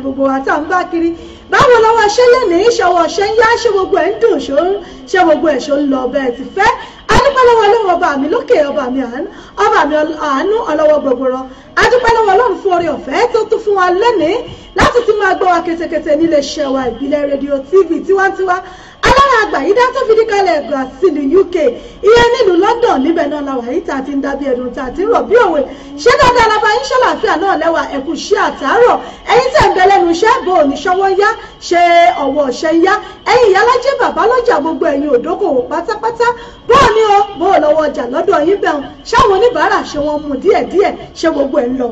gbogbo wa tá à ń bá kiri báwo lọ́wọ́ ṣe lónìí ṣọwọ́ ṣe ń yá ṣe gbogbo ẹ̀ ń dùn ṣó ń ṣe gbogbo ẹ̀ ṣó ń lọ bẹ́ẹ̀ ti fẹ́ adúpẹ́lọ́wọ́ ọlọ́run ọba mi lókè ọba mi ọba mi àánú ọlọ́wọ́ gbogbooro adúpẹ́lọ́wọ́ ọlọ́run fún oore ọ̀fẹ́ tó tún fún wa lónìí láti tún máa gbọ́ wa ketekete nílé iṣẹ́ wa ìbílẹ̀ rédíò tv tiwantiwa lára àgbàyídá tó fi díkalẹ̀ Brazil UK ìyẹn nílùú London níbẹ̀ náà la wà yìí tá a ti ń dábí ẹ̀dùn tá a ti ń rọ̀ bí òwe ṣé dáadáa la bá yín ṣàlàáfíà náà lẹ́wà ẹ̀kú ṣí àtàárọ̀ ẹ̀yin tẹ̀ ń bẹ lẹ́nu iṣẹ́ bò ní ṣọwọ́ yá ṣe ọ̀wọ́ ṣe yá ẹ̀yin ìyálájẹ́ bàbá lọ́jà gbogbo ẹ̀yin òdókòwò pátápátá bó o ní o bó o lọ́wọ́ ọjà lọ́dọ̀ yín bẹ̀rùn ṣáwọn oníbàárà ṣe wọn mú díẹ̀díẹ̀ ṣe gbogbo ẹ̀ ń lọ.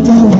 Thank you.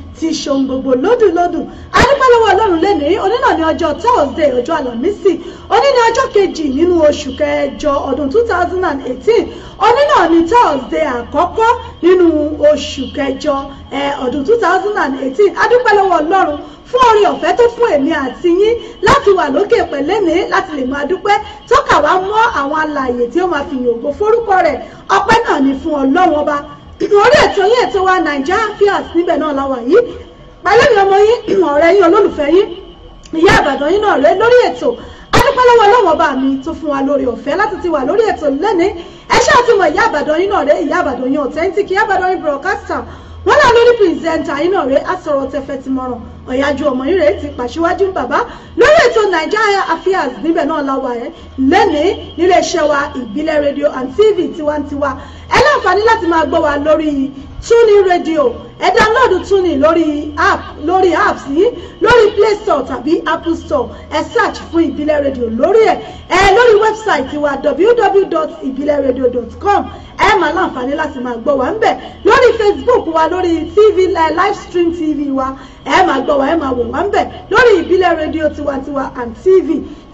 ti ṣohun gbogbo lọ́dún lọ́dún adúpẹ́ lọ́wọ́ ọlọ́run lẹ́nìí òní náà ní ọjọ́ thursday ọjọ́ àlàmísì òní ní ọjọ́ kejì nínú oṣù kẹjọ ọdún two thousand and eighteen òní náà ní thursday àkọ́kọ́ nínú oṣù kẹjọ ọdún two thousand and eighteen adúpẹ́ lọ́wọ́ ọlọ́run fún oore ọ̀fẹ́ tó fún èmi àti yín láti wà lókè pẹ̀lẹ́ mi láti lè máa dúpẹ́ tọ́ka wá mọ́ àwọn alààyè tí ó máa fi yòògó forúkọ rẹ̀ ọpẹ́ náà ni fún ọlọ́run ọba orí ètò yín ètò wa naija affairs níbẹ̀ náà la wà yìí pẹ̀lú mi ọmọ yín ọ̀rẹ́ yín olólùfẹ́ yín ìyá àbàdàn yín náà rẹ lórí ètò adúpẹ́ lọ́wọ́ ọlọ́wọ́ bá mi tó fún wa lórí ọ̀fẹ́ láti ti wà lórí ètò lẹ́ni ẹ ṣáà ti mọ ìyá àbàdàn yín náà rẹ ìyá àbàdàn yín authentic ìyá àbàdàn yín broadcaster wọn náà lórí pìrìsẹ́ńtà iná rẹ̀ àsọ̀rọ̀ tẹ̀fẹ̀ ti mọ̀ràn ọ̀yájú ọmọ yìí rẹ̀ ti pàṣíwájú bàbá lórí ètò Nigeria Affairs níbẹ̀ náà la wà ẹ́ lẹ́ni nílé iṣẹ́ wa ìbílẹ̀ rédíò and TV tiwantiwa ẹ láǹfààní láti máa gbọ́ wa lórí Tuning radio ẹ dáńlọ́ọ̀dù tuning. lórí app lórí apps yìí lórí play store tàbí apple store ẹ search fún ìbílẹ̀ radio lórí ẹ̀ ẹ lórí wẹ́bsáìtì wa www.ibileradio.com ẹ máa láǹfààní láti máa gbọ́ wa ń bẹ̀ lórí facebook wa lórí tv eh, live stream tv wa ẹ máa gbọ́ wa ẹ máa wò wa ń bẹ̀ lórí ìbílẹ̀ radio tiwantiwa and tv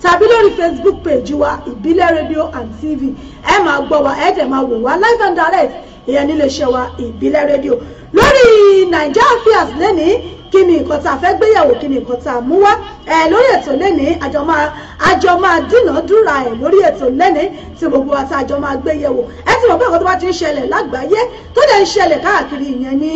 tàbí lórí facebook page wa ìbílẹ̀ radio and tv ẹ máa gbọ́ wa ẹ dẹ̀ máa wò wa live and direct ìyẹn níléeṣẹ́ wa ìbílẹ̀ rédíò lórí naija affairs lẹ́nìí kí ni nǹkan tá a fẹ́ gbéyàwó kí ni nǹkan tá a mú wá ẹ lórí ètò lẹ́nìí àjọ máa àjọ máa dínàádúrà ẹ lórí ètò lẹ́nìí tí gbogbo wa tá àjọ máa gbéyàwó ẹ ti mọ̀ pé nǹkan tó bá ti ń ṣẹlẹ̀ lágbàáyé tó dẹ̀ ń ṣẹlẹ̀ káàkiri ìyẹn ní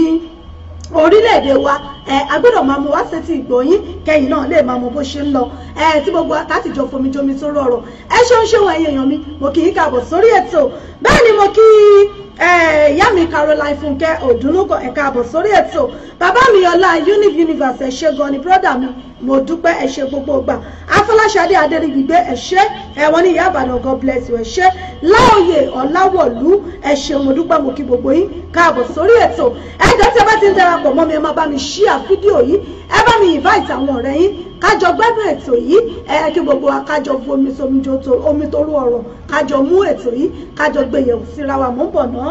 orílẹ̀-èdè wa ẹ agbọ́dọ̀ máa mú wá sétí ìgbòyín kẹyìn náà lè máa mọ bó ṣe ń lọ ẹ tí gbogbo àtàtìjọ fomijomi tó rọrọ ẹ ṣeun ṣeun ẹ̀yin èèyàn mi mo kì í kàbọ̀ sórí ètò bẹ́ẹ̀ ni mo kí í Eh, ìyá mi Caroline funke Òdúnúgọ̀ ẹ káàbọ̀ sórí ètò bàbá mi ọlá univ universe ẹ ṣé gan ni brọ́dà mi mo dúpẹ́ ẹ ṣé gbogbo gbà afọláṣadé adéríbigbé ẹ ṣé ẹ̀wọ̀n ní ìyá àbàdàn god bless you ẹ ṣé láòyè ọ̀làwọ̀lú ẹ ṣé mo dúpẹ́ mo kí gbogbo yín káàbọ̀ sórí ètò ẹ̀jẹ̀ tí ẹ bá ti ń darapọ̀ mọ́ mi ẹ máa bá mi share fídíò yìí ẹ bá mi invite àwọn ọ̀rẹ́ yín kájọ gbádùn ètò yìí ẹ kí gbogbo wa kájọ bu omi tó omi tó rú ọ̀rọ̀ kájọ mú ètò yìí kájọ gbé yẹ̀wò síra wa mò bọ̀ náà.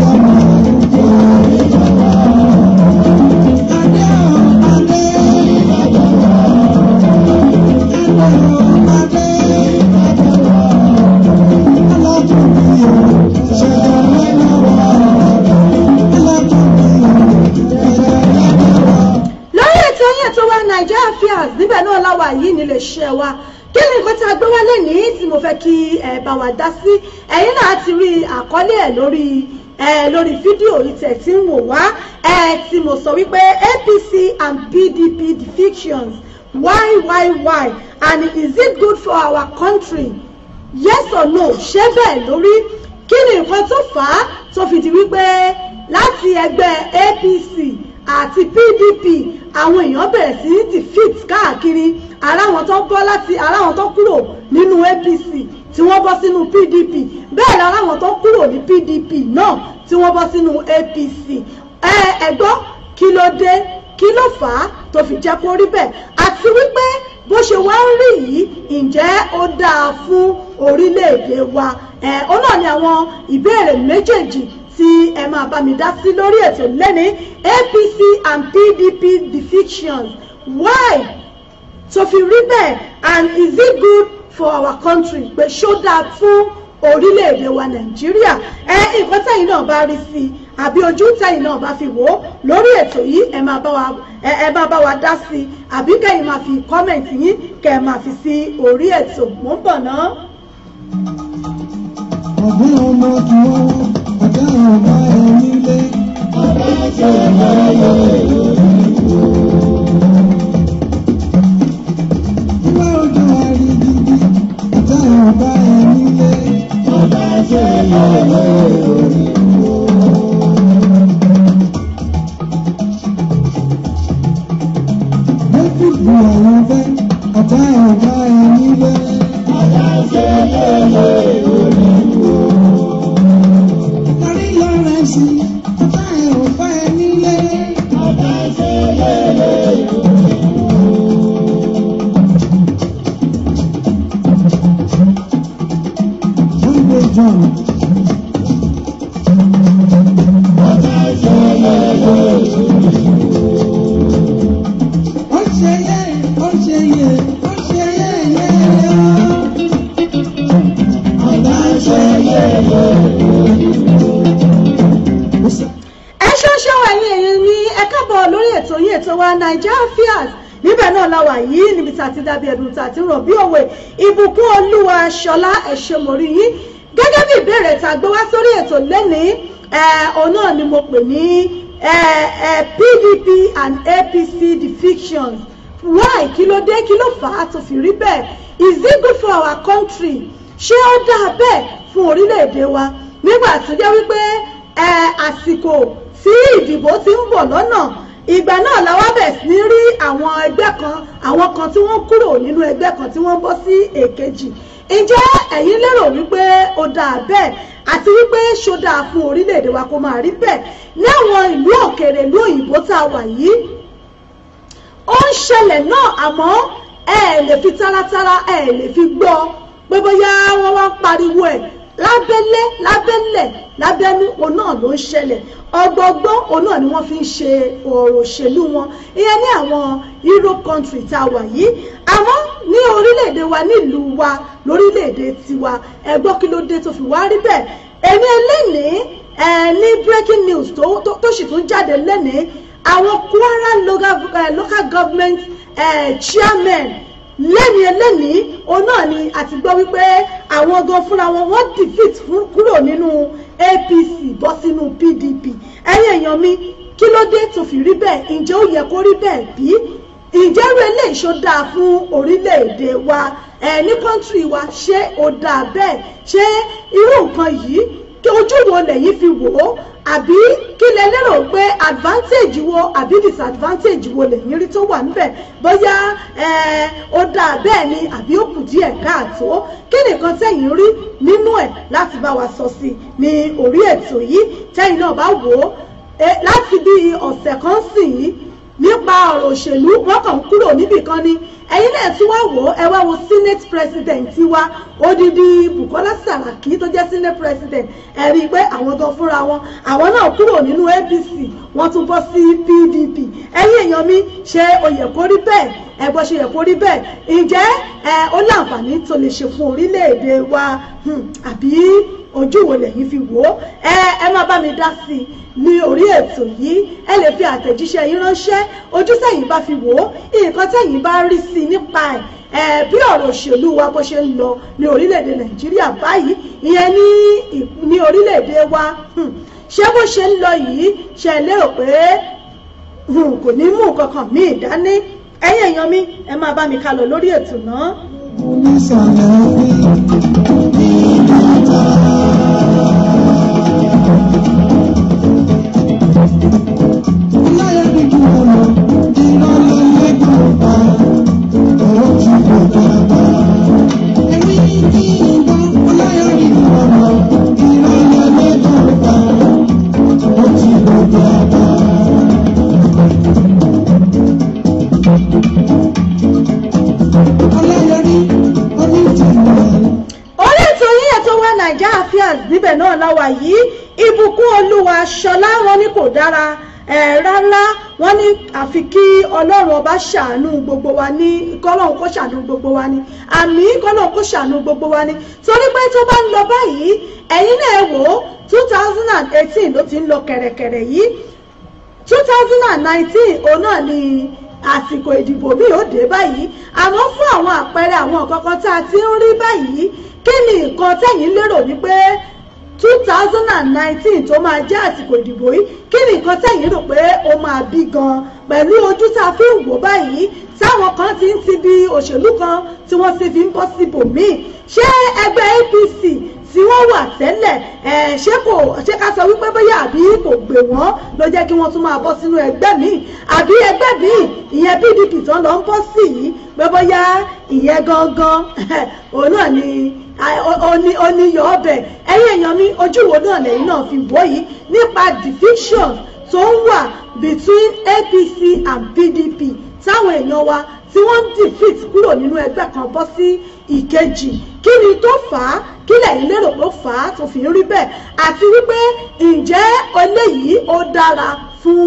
Nigeria affairs níbẹ̀ náà láwa yìí nílé iṣẹ́ wa kí ni nǹkan tí a gbé wá lénìí tí mo fẹ́ kí ẹ bá wa dá sí ẹ̀yin náà ti rí àkọlé ẹ̀ lórí lórí fídíò yìí tẹ̀ tí ń wò wá tí mo sọ wípé APC and PDP defections why why why and is it good for our country yes or no ṣé bẹ́ẹ̀ lórí kí ni nǹkan tó fà á tó fi di wípé láti ẹgbẹ́ APC àti PDP àwọn èèyàn bẹ̀rẹ̀ sí ní defeat káàkiri ara àwọn tó bọ́ láti ara àwọn tó kúrò nínú APC tí wọ́n bọ́ sínú PDP bẹ́ẹ̀ ara àwọn tó kúrò ní PDP náà tí wọ́n bọ́ sínú APC ẹ ẹ gbọ́ kí ló dé kí ló fà á tó fi jẹ́ kó rí bẹ́ẹ̀ àti wípé bó ṣe wá ń rí yìí ǹjẹ́ ó dáa fún orílẹ̀-èdè wa ẹ̀ ó náà ni àwọn ìbéèrè méjèèjì tí ẹ máa bá mi dá sí lórí ètò lẹ́ni APC and PDP defections why tó fi rí bẹ́ẹ̀ and is it good for our country pé ṣó dáa fún orílẹ̀-èdè wa Nàìjíríà ẹ nǹkan tẹ̀yìn náà bá rí sí i àbí ojú tẹ̀yìn náà bá fi wò ó lórí ètò yìí ẹ máa bá wa ẹ máa bá wa dá sí i àbí kẹ́yìn máa fi kọ́mẹ̀ntì yín kẹ́ ẹ máa fi sí orí ètò mò bọ̀ náà. ọ̀gbìn ọmọ kìí ọba ẹni lé. ọba tí a máa yọ èrò ìlú. Ìgbà òjò àrídìdì ìta ọba ẹni lé. ọba tí a níbi tá a ti dábìí ẹ̀dùn tá a ti rọ̀ bí òwe ìbùkún olúwa ṣọlá ẹ̀ṣẹ̀ mọ̀rí yín gẹ́gẹ́ bí ìbéèrè tá a gbé wá sórí ètò lẹ́nìí òun náà ni mo pè ní PDP and APC defections why kí ló dé kí ló fà á tó fi rí bẹ́ẹ̀ is it good for our country ṣé ó dáa bẹ́ẹ̀ fún orílẹ̀-èdè wa nígbà tó jẹ́ wípé àsìkò tí ìdìbò ti ń bọ̀ lọ́nà ìgbà náà la wá bẹ̀ sí rí àwọn ẹgbẹ́ kan àwọn kan tí wọ́n kúrò nínú ẹgbẹ́ kan tí wọ́n bọ́ sí èkejì ǹjẹ́ ẹ̀yin lérò wípé ó dáa bẹ́ẹ̀ àti wípé ṣó dáa fún orílẹ̀-èdè wa kó máa rí bẹ́ẹ̀ láwọn ìlú òkèèrè ìlú òyìnbó tá a wà yìí ó ń ṣẹlẹ̀ náà àmọ́ ẹ lè fi taratara ẹ lè fi gbọ́ pé bóyá wọ́n wá ń pariwo ẹ̀ lábẹ́lẹ́ lábẹ́lẹ̀ lábẹ́nú òun náà ló ń ṣẹlẹ̀ ọgbọgbọ́n òun náà ni wọ́n fi ń ṣe ọ̀rọ̀ òṣèlú wọn ìyẹn ní àwọn euro country tá a wà yìí àmọ́ ní orílẹ̀-èdè wa nílùú wa lórílẹ̀-èdè tiwa ẹgbọ́n kí ló dé tó fi wá rí bẹ́ẹ̀ èmi eléyìí ní breaking news tó sì tún jáde lẹ́nìí àwọn Kwara local, government chairman lẹ́ni eléni òun náà ni àti gbọ́ wípé àwọn gan fúnra wọn wọ́n defeat kúrò nínú APC bọ́ sínú PDP ẹ̀yin èèyàn mi kí ló dé tó fi rí bẹ́ẹ̀ ǹjẹ́ ó yẹ kó rí bẹ́ẹ̀ bí ǹjẹ́ irú eléyìí ṣó dáa fún orílẹ̀-èdè wa ẹ̀ ní kọ́ńtírì wa ṣé ó dáa bẹ́ẹ̀ ṣé irú nǹkan yìí kí ojú wo lẹ́yìn fi wò ó àbí kí lẹ lérò pé advantage wo àbí disadvantage wo lẹ́yìn rí tó wà níbẹ̀ bóyá ó dáa bẹ́ẹ̀ ni àbí ó kù díẹ̀ káàtó kí nìkan tẹ̀yìn rí nínú ẹ̀ láti bá wa sọ sí ní orí ètò yìí tẹ̀yìn náà bá wò ó láti bí ọ̀sẹ̀ kan sì yìí nípa ọ̀rọ̀ òṣèlú wọ́n kàn ń kúrò níbìkan ni ẹ̀yin náà tí wọ́n wò ó ẹ wá wo senate president wa odidi Bukola Saraki tó jẹ́ senate president ẹ rí i pé àwọn tó fúnra wọn àwọn náà kúrò nínú APC wọ́n tún bọ́ sí PDP ẹ̀yin èèyàn mi ṣé ó yẹ kó rí bẹ́ẹ̀ ẹ̀gbọ́n ṣe yẹ kó rí bẹ́ẹ̀ ǹjẹ́ ó láǹfààní tó lè ṣe fún orílẹ̀-èdè wa hmm, àbí ojú wo lẹ́yìn fi wò ó ẹ ẹ máa bá mi dá sí i ní orí ètò yìí ẹ lè fi àtẹ̀jíṣẹ́ yín ránṣẹ́ ojú sẹ́yìn bá fi wò ó nǹkan tẹ́yìn bá rí sí i nípa ẹ̀ bí ọ̀rọ̀ òṣèlú wa bó ṣe ń lọ ní orílẹ̀-èdè nàìjíríà báyìí ìyẹn ní ní orílẹ̀-èdè wa hmm. ṣé bó ṣe ń lọ yìí ṣe lérò pé hmm, kò ní mú nǹkan kan míì dání èèyàn mi ẹ máa bá mi kálọ lórí ètò náà. kò dára ẹ̀ rárá wọ́n ní àfi kí ọlọ́run ọba ṣàánú gbogbo wa ní kọ́lọ́run kó ṣàánú gbogbo wa ní àmì kọ́lọ́run kó ṣàánú gbogbo wa ní torí pé tó bá ń lọ báyìí ẹ̀yin náà wò ó two thousand and eighteen ló ti ń lọ kẹ̀rẹ̀kẹ̀rẹ̀ yìí two thousand and nineteen òun náà ni àsìkò ìdìbò bí ó dé báyìí àmọ́ fún àwọn àpẹẹrẹ àwọn kọ̀ọ̀kan tá a ti ń rí báyìí kí ni nǹkan tẹ̀yin lérò ní pé two thousand and nineteen tó máa jẹ́ àsìkò ìdìbò yìí kí ni nǹkan tẹ̀yìn rò pé ó máa bí gan-an pẹ̀lú ojú tá a fi ń wò báyìí táwọn kan ti ń ti bí òṣèlú kan tí wọ́n sì fi ń bọ́ síbòmíì ṣé ẹgbẹ́ APC tí wọ́n wà tẹ́lẹ̀ ẹ̀ ṣé kò ṣé ká sọ wípé bóyá àbí kò gbè wọ́n ló jẹ́ kí wọ́n tún máa bọ́ sínú ẹgbẹ́ míì àbí ẹgbẹ́ míì ìyẹn PDP tán lọ ń bọ́ sí yìí pé bóyá ìyẹn gangan òun náà ni oni oníyọ̀ ọbẹ̀ ẹ̀yìn èèyàn mi ojú wo náà lẹ́yìn náà fi wò yìí nípa division tó ń wà between APC and PDP táwọn èèyàn wa tí wọ́n ń defeat kúrò nínú ẹgbẹ́ kan bọ́ sí ìkejì kí ni tó fà á kí lẹ́yìn lérò ló fà á tó fi ń rí bẹ́ẹ̀ àti wípé ǹjẹ́ eléyìí ó dára fún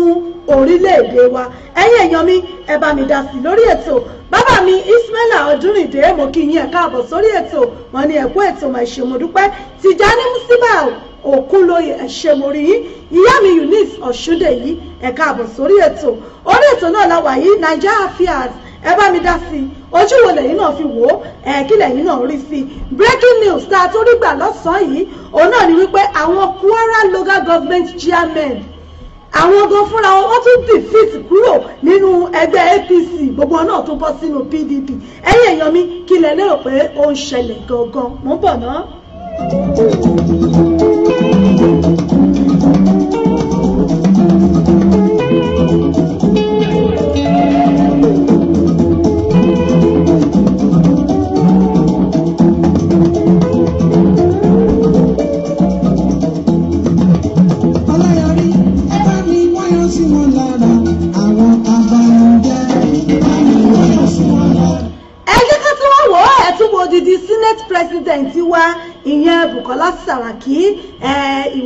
orílẹ̀-èdè wa ẹ̀yin èèyàn mi ẹ bá mi dá sí lórí ètò bàbá mi Ismaila Ọdúnrìndé mo kí yín ẹ káàbọ̀ sórí ètò wọn ni ẹ̀kú ètò mà ìṣèmọ̀dúpẹ́ Tìjání Musibau òkúnlóye ẹ̀ṣẹ̀mórí yìí ìyá mi eunice ọ̀ṣúndé yìí ẹ̀ka àbọ̀ sórí ètò orí ètò náà la wà yìí Naija Affairs ẹ bá mi dá sí i ojú wo lẹ́yìn náà fi wò ó ẹ̀ẹ́kí lẹ́yìn náà rí sí i breaking news tá a tó rí gbà lọ́sàn-án yìí òun náà ni wípé àwọn Kwara local government chairmen àwọn gan fúnra wọn wọ́n tún defeat kúrò nínú ẹgbẹ́ APC gbogbo náà tó bọ́ sínú PDP ẹ̀yìn èèyàn mi kí lẹ lérò pé ó ń ṣẹlẹ̀ gangan mò ń bọ̀ náà.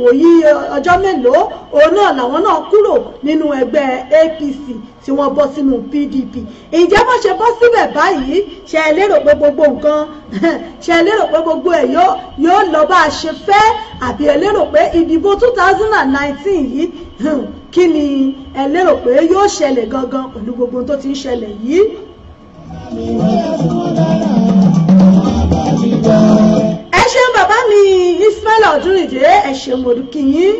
wòyí ọjọ́ mélòó òun náà làwọn náà kúrò nínú ẹgbẹ́ APC tí wọ́n bọ́ sínú PDP ǹjẹ́ bó ṣe bọ́ síbẹ̀ báyìí ṣe ẹ lérò pé gbogbo nǹkan ṣe ẹ lérò pé gbogbo ẹ̀ yóò lọ bá a ṣe fẹ́ àbí ẹ lérò pé ìdìbò two thousand and nineteen yìí hmm, kí ni ẹ lérò pé yóò ṣẹlẹ̀ gangan pẹ̀lú gbogbo tó ti ń ṣẹlẹ̀ yìí bàbá mi Ismail Ọdúnrìnjẹ ẹ ṣé mo kí yín.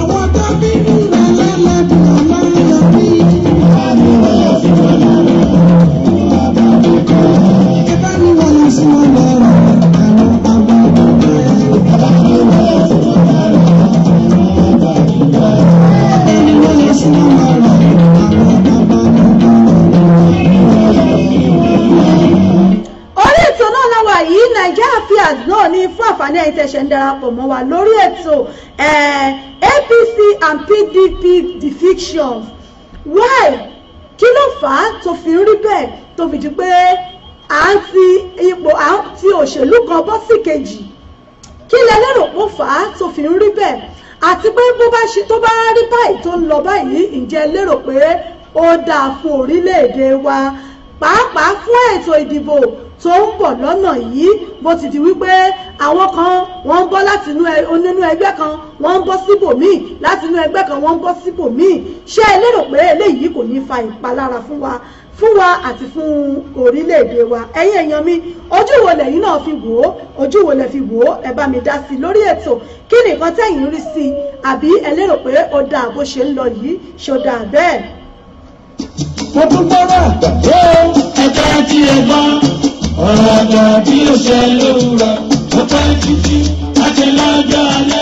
àwọn tó bí mú lálẹ́ lẹ́dùn ọ̀la lọ bí. ẹ bá Naija Affairs náà ní fún àǹfààní ẹ̀yin tẹ̀sẹ̀ ń darapọ̀ mọ́ wa lórí ètò APC and PDP defections why kí ló fà á tó fi rí bẹ́ẹ̀ tó fi di pé à ń ti ipò à ń ti òṣèlú kan bọ́ sí kejì kí lẹ lérò pó fà á tó fi rí bẹ́ẹ̀ àti pé bó bá ṣe tó bá rí báyìí tó ń lọ báyìí ǹjẹ́ lérò pé ó dáa fún orílẹ̀-èdè wa pàápàá fún ètò ìdìbò tó ń bọ̀ lọ́nà yìí bó ti di wípé àwọn kan wọ́n ń bọ́ láti inú onínú ẹgbẹ́ kan wọ́n ń bọ́ síbòmíì láti inú ẹgbẹ́ kan wọ́n ń bọ́ síbòmíì ṣé ẹ lérò pé eléyìí kò ní fa ìpalára fún wa fún wa àti fún orílẹ̀-èdè wa ẹ̀yin èèyàn mi ojú wo lẹ̀yin náà fi wò ó ojú wo lẹ̀ fi wò ó ẹ bá mi dá sí i lórí ètò kí nìkan tẹ̀yin rí sí i àbí ẹ lérò pé ó dáa bó ṣe ń lọ yìí ṣó dáa bẹ́ẹ̀. mo tún gbọ́dọ̀ ó ẹ̀ka tí ẹ gbọ́ ọ̀rọ̀ ọ̀dọ̀ bí ó ṣe lówùrọ̀ tó pẹ́ títí àti lọ́jọ́ mi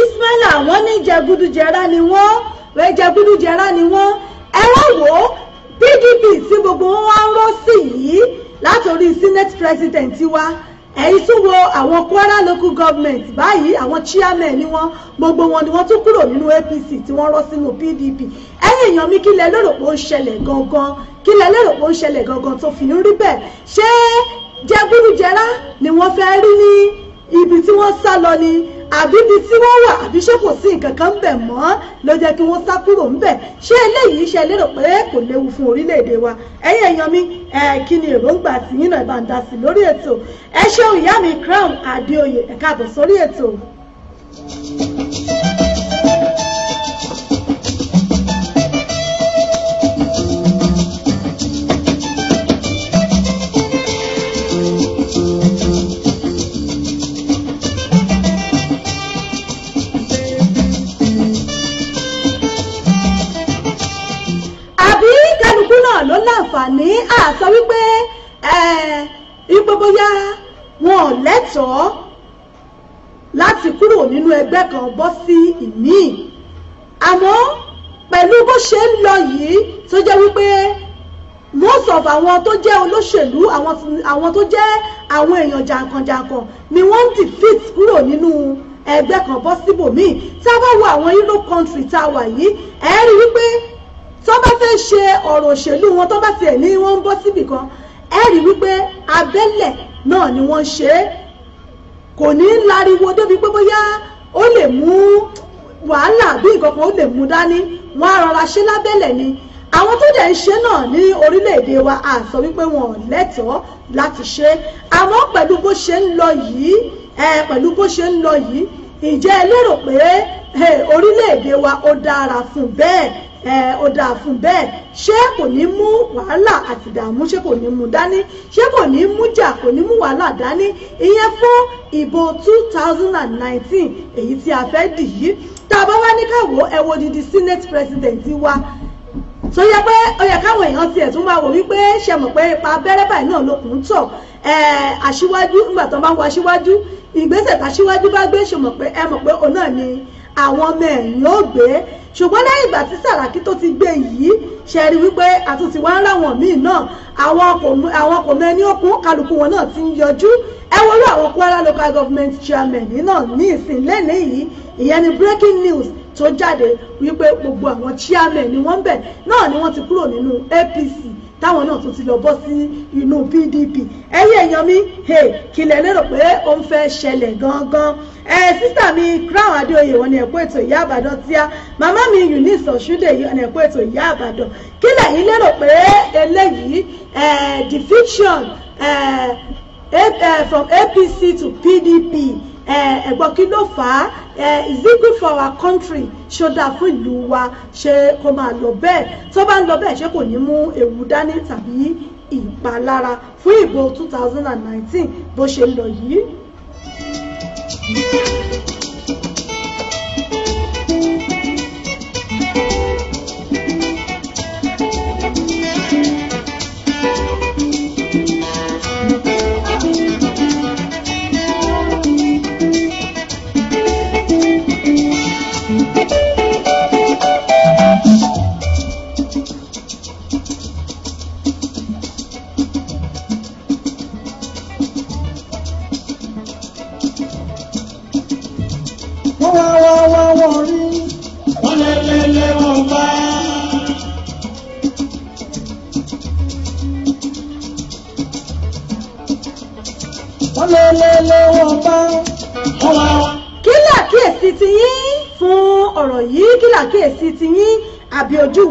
Ismaila wọ́n ní jẹgúdújẹrá ni wọ́n wẹ́ jẹgúdújẹrá ni wọ́n ẹ wá wò ó PDP tí gbogbo wọn wá ń rọ́ sí yìí látòrí senate president wa ẹ̀yin tún wo àwọn Kwara local government báyìí àwọn chairman ni wọ́n gbogbo wọn ni wọ́n tún kúrò nínú APC tí wọ́n rọ́ sínú PDP ẹ̀yin èèyàn mi kí lẹ lérò pé ó ń ṣẹlẹ̀ gangan kí lẹ lérò pé ó ń ṣẹlẹ̀ gangan tó fi ń rí bẹ́ẹ̀ ṣé jẹgúrújẹrá ni wọ́n fẹ́ rí ní ibi tí wọ́n sá lọ ni àbí ibi tí wọ́n wà àbí ṣé kò sí nǹkan kan ńbẹ̀ mọ́ ló jẹ́ kí wọ́n sá kúrò ńbẹ̀ ṣé eléyìí ṣe lérò pé kò léwu fún orílẹ̀-èdè wa ẹ̀yin èèyàn mi kí ni èròǹgbà tí yín náà bá ń dá sí lórí ètò ẹ ṣeun ìyá mi Crown Adéoyè ẹ̀ka àbọ̀ sórí ètò. wípé bóyá wọn ò lẹ́tọ̀ọ́ láti kúrò nínú ẹgbẹ́ kan bọ́ sí ìmíì àmọ́ pẹ̀lú bó ṣe ń lọ yìí tó jẹ́ wípé most of àwọn tó jẹ́ olóṣèlú àwọn tó jẹ́ àwọn èèyàn jàǹkànjàǹkàn ni wọ́n ń defeat kúrò nínú ẹgbẹ́ kan bọ́ síbòmíì tá a bá wo àwọn Europe country tá a wà yìí ẹ̀ rí wípé tó bá fẹ́ ṣe ọ̀rọ̀ òṣèlú wọn tó bá tiẹ̀ ní wọ́n ń bọ́ síbì kan ẹ rí wípé abẹ́lẹ̀ náà ni wọ́n ṣe é kò ní láriwo débi pé bóyá ó lè mú wàhálà bí nǹkan kan ó lè mú dání wọ́n á rọra ṣe lábẹ́lẹ̀ ni àwọn tó dẹ̀ ń ṣe náà ní orílẹ̀-èdè wa à sọ wípé wọn ò lẹ́tọ̀ọ́ láti ṣe àmọ́ pẹ̀lú bó ṣe ń lọ yìí pẹ̀lú bó ṣe ń lọ yìí ǹjẹ́ ẹ lérò pé orílẹ̀-èdè wa ó dára fún bẹ́ẹ̀ ó dáa fún bẹ́ẹ̀ ṣé kò ní mú wàhálà àti ìdààmú ṣé kò ní mú dání ṣé kò ní mú jà kò ní mú wàhálà dání ìyẹn fún ìbò two thousand èyí tí a fẹ́ dì yìí tá a bá wá ní káwọ́ ẹ wo odidi senate president wa tó yẹ pé ó yẹ káwọn èèyàn tiẹ̀ tún máa wò wípé ṣe mọ̀ pé ipa abẹ́rẹ́ báyìí náà lókun ń tọ̀ aṣíwájú nígbà tó bá ń wọ aṣíwájú ìgbésẹ̀ tàṣíwájú bá gbé ṣe mọ̀ pé ẹ mọ̀ pé òun náà ni àwọn ọmọ ẹ̀ ló gbé ṣùgbọ́n lẹ́yìn ìgbà tí Sàràkí tó ti gbé yìí ṣe rí wípé àtúntì wá ń ráwọn míì náà àwọn kò mẹ́ni òkun kálukú wọn náà ti ń yọjú ẹ wọ́n lọ àwọn Kwara local government chairman náà ní ìsìn lẹ́nìí yìí ìyẹn ni breaking news tó jáde wípé gbogbo àwọn chairman ni wọ́n ń bẹ̀ náà ni wọ́n ti kúrò nínú APC táwọn náà tún ti lọ bọ́ sí inú PDP ẹ̀yin èèyàn mi kìlẹ̀ lérò pé ó ń fẹ́ ṣẹlẹ̀ gangan ẹ sísà mi crown adéoyè wọn ni ẹ̀kọ́ ètò ìyá àbàdàn tíá màmá mi eunice ọ̀ṣúndè yìí ni ẹ̀kọ́ ètò ìyá àbàdàn kílẹ̀ yìí lérò pé eléyìí the fiction from APC to PDP ẹ̀gbọ́n eh, eh, kí ló fà á eh, is it good for our country ṣó dáa fún ìlú wa ṣé kó máa lọ bẹ́ẹ̀ tó bá ń lọ bẹ́ẹ̀ ṣé kò ní mú ewu dání tàbí ìpalára fún ìbò 2019 bó ṣe lọ yìí.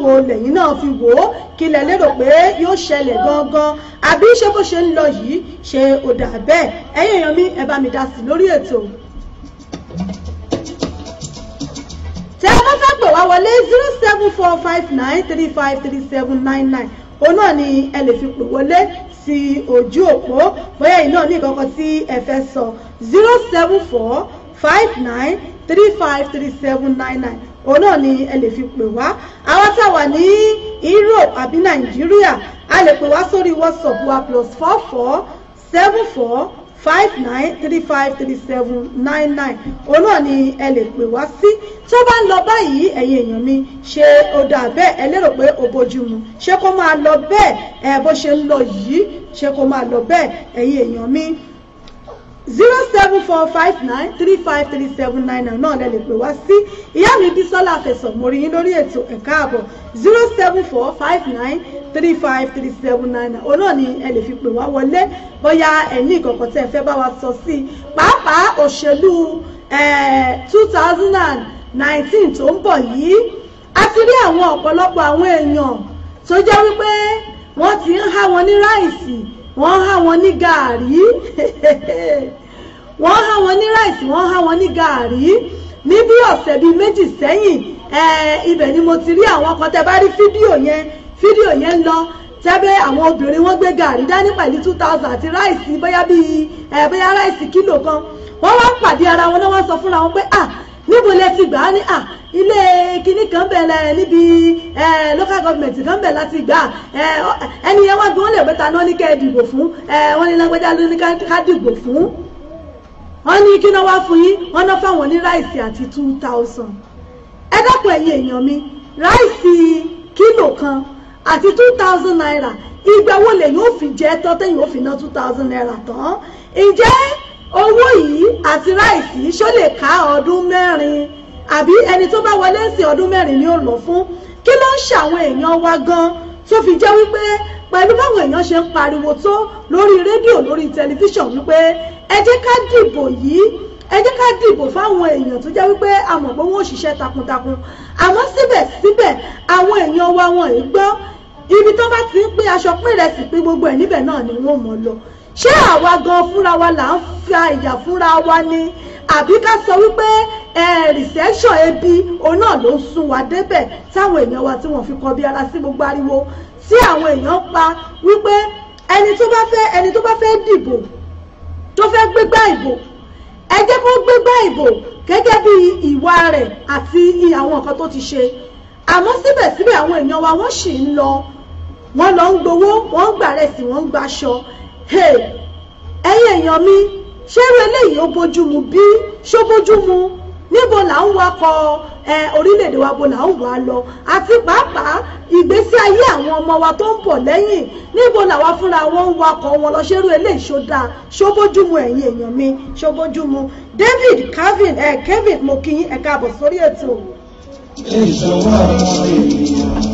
wo lẹ́yìn náà fi wò ó kí lẹ lérò pé yóò ṣẹlẹ̀ gangan àbí ṣé bó ṣe ń lọ yìí ṣe ò dà bẹ́ẹ̀ ẹ̀yin èèyàn mi ẹ bá mi dá sí lórí ètò. tẹ ẹ bá fẹ́ pè wá wọlé zero seven four five nine three five three seven nine nine òun náà ni ẹ lè fi pè wọlé sí ojú òpó bóyá iná ní ìkọ̀kọ̀ tí ẹ fẹ́ sọ zero seven four five nine three five three seven nine nine òun náà ni ẹ lè fi pè wá wà ní Europe àbí Nàìjíríà a lè pè wá sórí WhatsApp wa plus four four seven four five nine three five three seven nine nine òun náà ni ẹ lè pè wá sí tó bá ń lọ báyìí ẹ̀yin èèyàn mi ṣé ó dà bẹ́ẹ̀ ẹ lérò pé ó bójú mu ṣé kó máa lọ bẹ́ẹ̀ ẹ bó ṣe ń lọ yìí ṣé kó máa lọ bẹ́ẹ̀ ẹ̀yin èèyàn mi zero seven four five nine three five three seven nine nine náà lẹ lè pè wá sí ìyá mi bísọ́lá àfẹsọ̀ mo rí yín lórí ètò ẹ̀ka àbọ̀ zero seven four five nine three five three seven nine nine òun náà ni ẹ lè fi pè wá wọlé bóyá ẹ ní ìkọ̀kọ̀ tẹ́ ẹ fẹ́ bá wa sọ sí i pàápàá òṣèlú two thousand and nineteen tó ń bọ̀ yìí a ti rí àwọn ọ̀pọ̀lọpọ̀ àwọn èèyàn tó jẹ́ wípé wọ́n ti ń há wọn ní ráìsì wọ́n há wọn ní gàárì wọ́n há wọn ní ráìsì wọ́n há wọn ní gàárì ní bí ọ̀sẹ̀ bíi méjì sẹ́yìn ibẹ̀ ni mo ti rí àwọn kan tẹ́ bá rí fídíò yẹn fídíò yẹn ń lọ tẹ́bẹ́ àwọn obìnrin wọ́n gbé gàárì dání pẹ̀lú two thousand àti ráìsì bóyá bíi bóyá ráìsì kílò kan wọ́n wá pàdé ara wọn náà wọ́n sọ fúnra wọn pé ah níbo lẹ ti gbà á ní à ilé kinní kan bẹ̀rẹ̀ níbi local government kan bẹ̀rẹ̀ láti gbà ẹni yẹn wá gbọ́n lè pẹ́ta náà ní kẹ́ ẹ dìbò fún wọ́n ní lágbájá ló ní ká dìbò fún wọ́n ní kí náà wá fún yín wọ́n náà fáwọn ní ráìsì àti two thousand ẹ dákun ẹ̀yin èèyàn mi ráìsì kílò kan àti two thousand naira ìgbà wo lèyìn ò fi jẹ́ tán tẹ̀yìn ò fi ná two thousand naira tán ǹjẹ́ owó yìí àti ráìsì ṣó lè ká ọdún mẹ́rin àbí ẹni tó bá wọlé sí ọdún mẹ́rin ni ó lọ fún kí ló ń ṣàwọn èèyàn wa gan tó fi jẹ́ wípé pẹ̀lú báwọn èèyàn ṣe ń pariwo tó lórí rédíò lórí tẹlifíṣàn wípé ẹ jẹ́ ká dìbò yìí ẹ jẹ́ ká dìbò fáwọn èèyàn tó jẹ́ wípé a mọ̀ pé wọ́n ò ṣiṣẹ́ takuntakun àmọ́ síbẹ̀síbẹ̀ àwọn èèyàn wa wọn ì gbọ́ ibi tó bá ti ń pín aṣọ pín ìrẹsì gbogbo ẹ̀ níbẹ̀ náà ni wọ́n mọ̀ lọ ṣé àwa gan fúnra wa là ń fa ìjà fúnra wa ni àbí ká sọ wípé rìsẹ́ṣọ̀ ebi òun náà ló ń sún wa débẹ̀ táwọn èèyàn wa tí wọ́n fi kọ bí ara sí gbogbo ariwo tí àwọn èèyàn pa wípé ẹni tó bá fẹ́ ẹni tó bá fẹ́ dìbò tó fẹ́ gbégbá ìbò ẹ jẹ́ kó gbégbá ìbò gẹ́gẹ́ bí ìwà rẹ̀ àti àwọn nǹkan tó ti ṣe àmọ́ síbẹ̀síbẹ̀ àwọn èèyàn wa wọ́n sì ń lọ wọ́n lọ ń gbowó wọ́n ń gbàrẹ̀sì wọ́n ń gbaṣọ ẹ̀yin èèyàn mi ṣẹ́rú eléyìí ó bójú mu bí ṣó bójú mu níbo là ń wakọ̀ orílẹ̀-èdè wa bo là ń wà lọ àti pàápàá ìgbésí ayé àwọn ọmọ wa tó ń bọ̀ lẹ́yìn níbo làwa fúnra wọn ń wakọ̀ wọn lọ ṣerú eléyìí ṣó dáa ṣó bójú mu ẹ̀yin èèyàn mi ṣó bójú mu David Calvin ẹ̀ Kevin mo kí yín sórí ètò. ẹ ìṣòwò àwọn èèyàn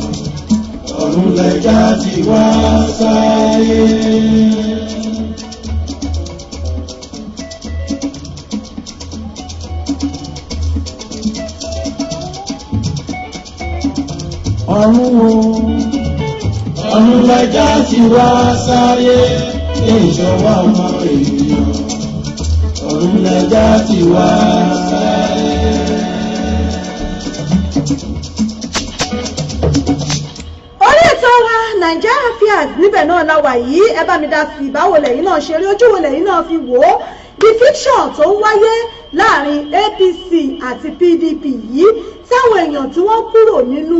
ọ̀run lẹ jáde wá sáyé. ọ̀run wo ọ̀run lẹ jáde wá sáyé ìṣọwọ́ ọmọ ènìyàn ọ̀run lẹ jáde wá sáyé. Nigeria Affairs níbẹ̀ náà la wà yìí ẹ bá mi dá sí ìbáwò lẹ́yìn náà ṣeré ojú wo lẹ́yìn náà fi wò ó the fiction tó ń wáyé láàrin APC àti PDP yìí táwọn èèyàn tí wọ́n kúrò nínú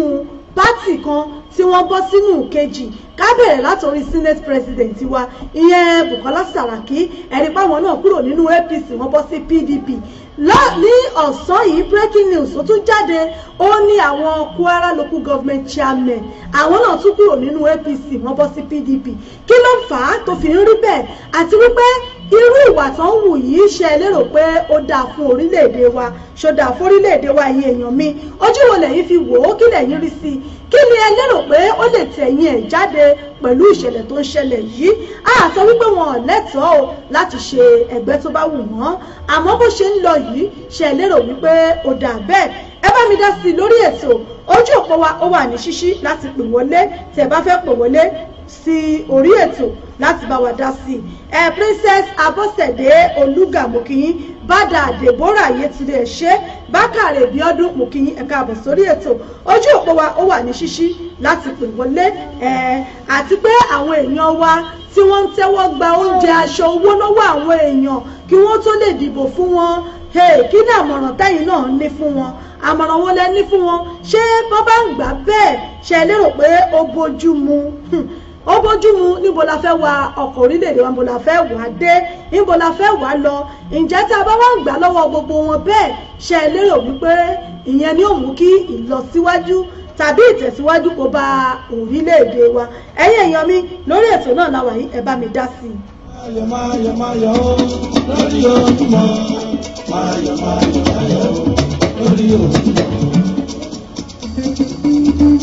pátì kan tí wọ́n bọ́ sínú kejì ká bẹ̀rẹ̀ látọ̀rí senate president wa ìyẹn Bukola Saraki ẹ̀rí páwọn náà kúrò nínú APC wọ́n bọ́ sí PDP ní ọ̀sán yìí breaking news ó tún jáde ó ní àwọn Kwara local government chairman àwọn náà tún kúrò nínú APC wọ́n bọ́ sí PDP kí ló fà á tó fi ń rí bẹ́ẹ̀ àti wípé irú ìwà tó ń wù yìí ṣe lérò pé ó dáa fún orílẹ̀-èdè wa ṣó dáa fún orílẹ̀-èdè wa yìí èèyàn mi ojú wo lẹ́yìn fi wò ó kí lẹ́yìn rí sí i kí ni ẹ lérò pé ó lè tẹ̀yìn ẹ̀ jáde pẹ̀lú ìṣẹ̀lẹ̀ tó ń ṣẹlẹ̀ yìí a wípé wọn ò lẹ́tọ̀ọ́ o láti ṣe ẹgbẹ́ tó bá wù wọ́n àmọ́ bó ṣe ń lọ yìí ṣe lérò wípé ó dáa bẹ́ẹ̀ ẹ bá mi dá sí i lórí ètò ojú òpó wa ó wà ní ṣíṣí láti pè wọlé tẹ́ bá fẹ́ pè wọlé sí orí ètò láti bá wa dá sí ẹ princess abosede olúgàmùkìyín bàdà deborah yetunde ẹ̀ṣẹ́ bákàrè bíọ́dún mùkìyín ẹ̀ka àbọ̀ sórí ètò ojú òpó wa ó wà ní ṣíṣí láti pè wọlé ẹ àti pé àwọn èèyàn wa tí wọ́n ń tẹ́wọ́ gba oúnjẹ aṣọ owó lọ́wọ́ àwọn èèyàn kí wọ́n tó lè dìbò fún wọn kí ni àmọ̀ràn tẹ́yìn náà ní fún wọn àmọ̀ràn wo lẹ ní fún wọn ṣé bọ́ ń gbà bẹ́ẹ̀ ṣe lérò pé ó bójú mu ó bójú mu níbo la fẹ́ wa ọkọ̀ orílẹ̀-èdè wa níbo la fẹ́ wà á dé níbo la fẹ́ wà á lọ ǹjẹ́ tá a bá wà ń gbà lọ́wọ́ gbogbo wọn bẹ́ẹ̀ ṣe é lérò wípé ìyẹn ni ó mú kí ìlọsíwájú tàbí ìtẹ̀síwájú kó bá orílẹ̀-èdè wa ẹ̀yin èèyàn mi lórí ètò náà la wà yìí ẹ bá mi dá sí i. ayọ̀ máa yọ̀ máa yọ̀ ó lórí ojúmọ́ máa yọ̀ máa yọ̀ máa yọ̀ ó lórí ojúmọ́.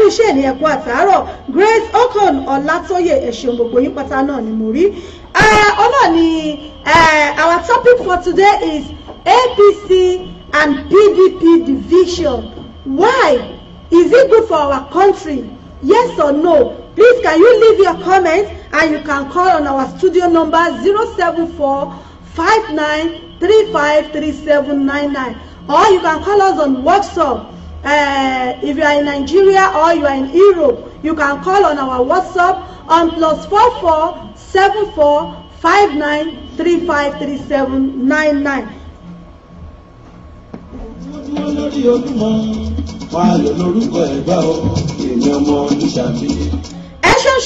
abíṣẹ́ ní ẹ̀kọ́ àtàárọ̀ Grace Okon Ọlátóyè ẹ̀ṣẹ̀ gbogbo yín pátá náà ni mo rí ọlọ́ọ̀ ni our topic for today is APC and PDP division why is it good for our country yes or no please can you leave your comment and you can call on our studio number zero seven four five nine three five three seven nine nine or you can call us on WhatsApp uh, if you are in Nigeria or you are in Europe, you can call on our WhatsApp on plus four four seven four five nine three five three seven nine nine. Wà á lò lórúkọ ẹ̀gbá o, èmi ọmọ Olúṣàbí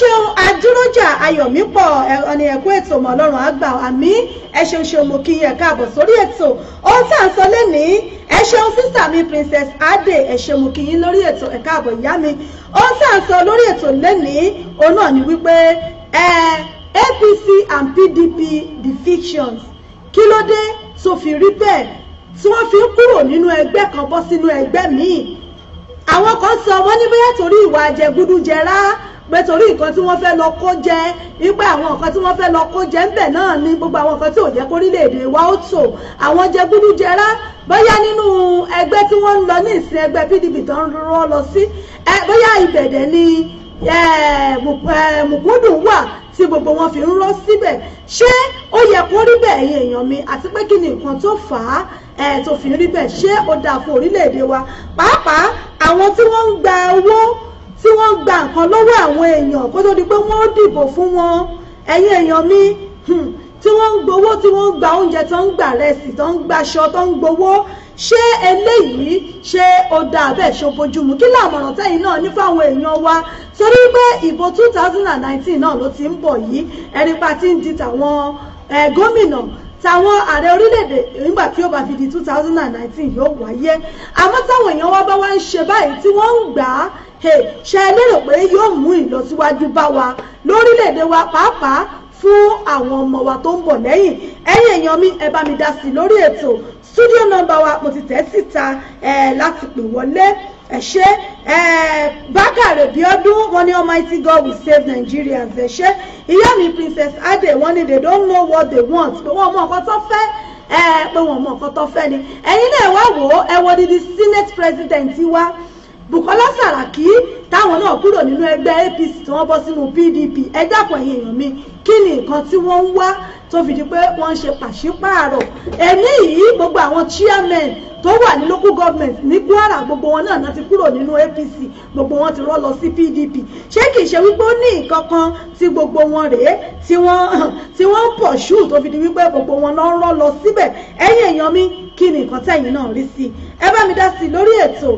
ṣeun àdúrójà ayọ̀mípọ̀ ẹni ẹ̀kú ètò mọ̀ ọlọ́run àgbà àmì ẹ ṣeun ṣeun mo kí yín ẹ káàbọ̀ sórí ètò ohun tá à ń sọ lénìí ẹ ṣeun sísà mi princess ade ẹ ṣeun mo kí yín lórí ètò ẹ káàbọ̀ ìyá mi ohun tá à ń sọ lórí ètò lénìí òun náà ni wípé ẹ APC and PDP defections kí ló dé tó fi rí bẹ́ẹ̀ tí wọ́n fi ń kúrò nínú ẹgbẹ́ kan bọ́ sínú ẹgbẹ́ míì àwọn kan sọ wọ́n ní bóyá torí ìwà àjẹgúdújẹrá pé torí nǹkan tí wọ́n fẹ́ lọ kó jẹ́ wípé àwọn nǹkan tí wọ́n fẹ́ lọ kó jẹ́ ńbẹ̀ náà ni gbogbo àwọn nǹkan tí ò jẹ́ kórílẹ̀-èdè wa ó tò àwọn jẹgúdújẹrá bóyá nínú ẹgbẹ́ tí wọ́n ń lọ ní ìsìn ẹgbẹ́ PDP tó ń rọ́ lọ sí bóyá ìbẹ̀dẹ̀ ni mùkúndù wà tí gbogbo wọn fi ń rọ́ síbẹ̀ ṣé ó yẹ kó rí bẹ́ẹ̀ yẹn èèyàn mi àti pé kí ni nǹkan tó fà á tó fi rí bẹ́ẹ̀ ṣé ó dáa fún orílẹ̀ wa pàápàá àwọn tí wọ́n ń gba owó tí wọ́n ń gba nǹkan lọ́wọ́ àwọn èèyàn kó tó di pé wọ́n dìbò fún wọn ẹ̀yin èèyàn mi hmm, tí wọ́n ń gbowó tí wọ́n ń gba oúnjẹ tó ń gba rẹsì tó ń gbaṣọ tó ń gbowó ṣé eléyìí ṣé ó dáa bẹ́ẹ̀ ṣe bójúmu kí làmọ̀ràn tẹ́yìn náà ní fáwọn èèyàn wa torí pé ìbò two náà ló ti ń bọ̀ yìí ẹni pa ti ń di tàwọn gómìnà tàwọn ààrẹ orílẹ̀-èdè nígbà tí ó bá fi di two thousand and nineteen yóò wáyé àmọ́ táwọn èèyàn wá bá wá ń ṣe báyìí tí wọ́n ń gbà á ṣe é lérò pé yóò mú ìlọsíwájú bá wa lórílẹ̀-èdè wa pàápàá fún àwọn ọmọ wa tó ń bọ̀ lẹ́yìn ẹ̀yin èèyàn mi ẹ bá mi dá sí lórí ètò studio number wa mo ti tẹ̀ síta láti pè wọlé ẹ ṣé bákàrẹ̀ bí ọdún wọn ní almighty god will save nigerians ẹ ṣé ìyá mi princess adé wọn ní they don't know what they want pé wọn mọ nǹkan tó fẹ́ pé wọn mọ nǹkan tó fẹ́ ni ẹ̀yin náà wá wò ó ẹ wo didi senate president wa bukola saraki táwọn náà kúrò nínú ẹgbẹ́ apc tí wọ́n bọ́ sínú pdp ẹ dákun ẹ̀yin èèyàn mi kí ni nǹkan tí wọ́n ń wá tó fi di pé wọ́n ń ṣe pàṣípààrọ̀ ẹni yìí gbogbo àwọn chairman tó wà ní local government ní Kwara gbogbo wọn náà ti kúrò nínú APC gbogbo wọn ti rọ́ lọ sí PDP ṣé kìí ṣe wípé ó ní nǹkan kan tí gbogbo wọn rèé tí wọ́n tí wọ́n ń pọ̀ ṣù tó fi di wípé gbogbo wọn náà ń rọ́ lọ síbẹ̀ ẹ̀yin èèyàn mi kí ni nǹkan tẹ̀yin náà rí sí ẹ bá mi dá sí lórí ètò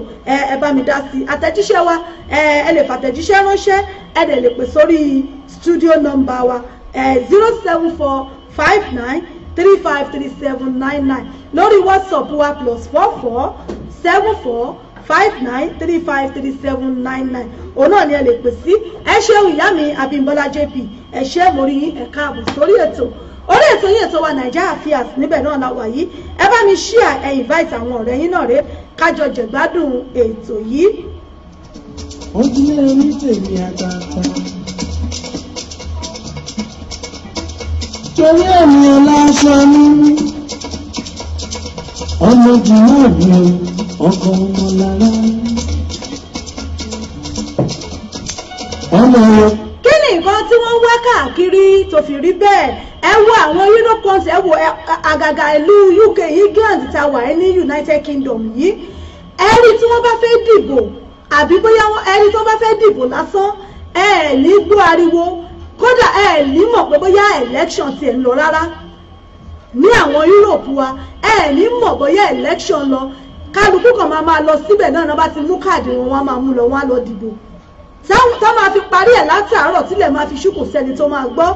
ẹ bá mi dá sí àtẹ̀jíṣẹ́ wa ẹ lè fàtẹ̀jíṣẹ́ ránṣẹ́ ẹ dẹ̀ lè pè sórí studio number wa zero seven four five nine three five three seven nine nine lórí whatsapp wa plus four four seven four five nine three five three seven nine nine òun náà ni ẹ lè pè sí ẹ ṣeun ìyá mi Abímbọ́lá JP ẹ ṣe mo rí yín ẹ káàbọ̀ sórí ètò orí ètò yìí ètò wa Nigeria Affairs níbẹ̀ náà la wà yìí ẹ bá mi ṣíà ẹ invite àwọn ọ̀rẹ́ yín náà rẹ kájọ jẹ̀gbádùn ètò yìí. ojúlé orí tèmi àtàtà torí ẹ̀mí ọláṣọ ní ọmọ jùlọ ọkọ ọmọ lára ọmọ rẹ. kí ni nǹkan tí wọ́n ń wá káàkiri tó fi rí bẹ́ẹ̀ ẹ wo àwọn unicorns ẹ wo àgàgà ìlú UK England tá wà ní United Kingdom yìí ẹ̀rí tí wọ́n bá fẹ́ dìbò àbí bóyá ẹ̀rí tí wọ́n bá fẹ́ dìbò lásán ẹ ẹ̀ ní gbọ́ ariwo kódà ẹ ẹ̀ ní mọ̀ pé bóyá election ti ẹ̀ ń lọ rárá ní àwọn Europe wa ẹ ẹ̀ ní mọ̀ bóyá election lọ kálukú kan máa máa lọ síbẹ̀ náà náà bá ti mú káàdì wọn wọn máa mú lọ wọn á lọ dìbò tá máa fi parí ẹ̀ látàárọ̀ tílẹ̀ máa fi ṣùkùn sẹ́ni tó máa gbọ́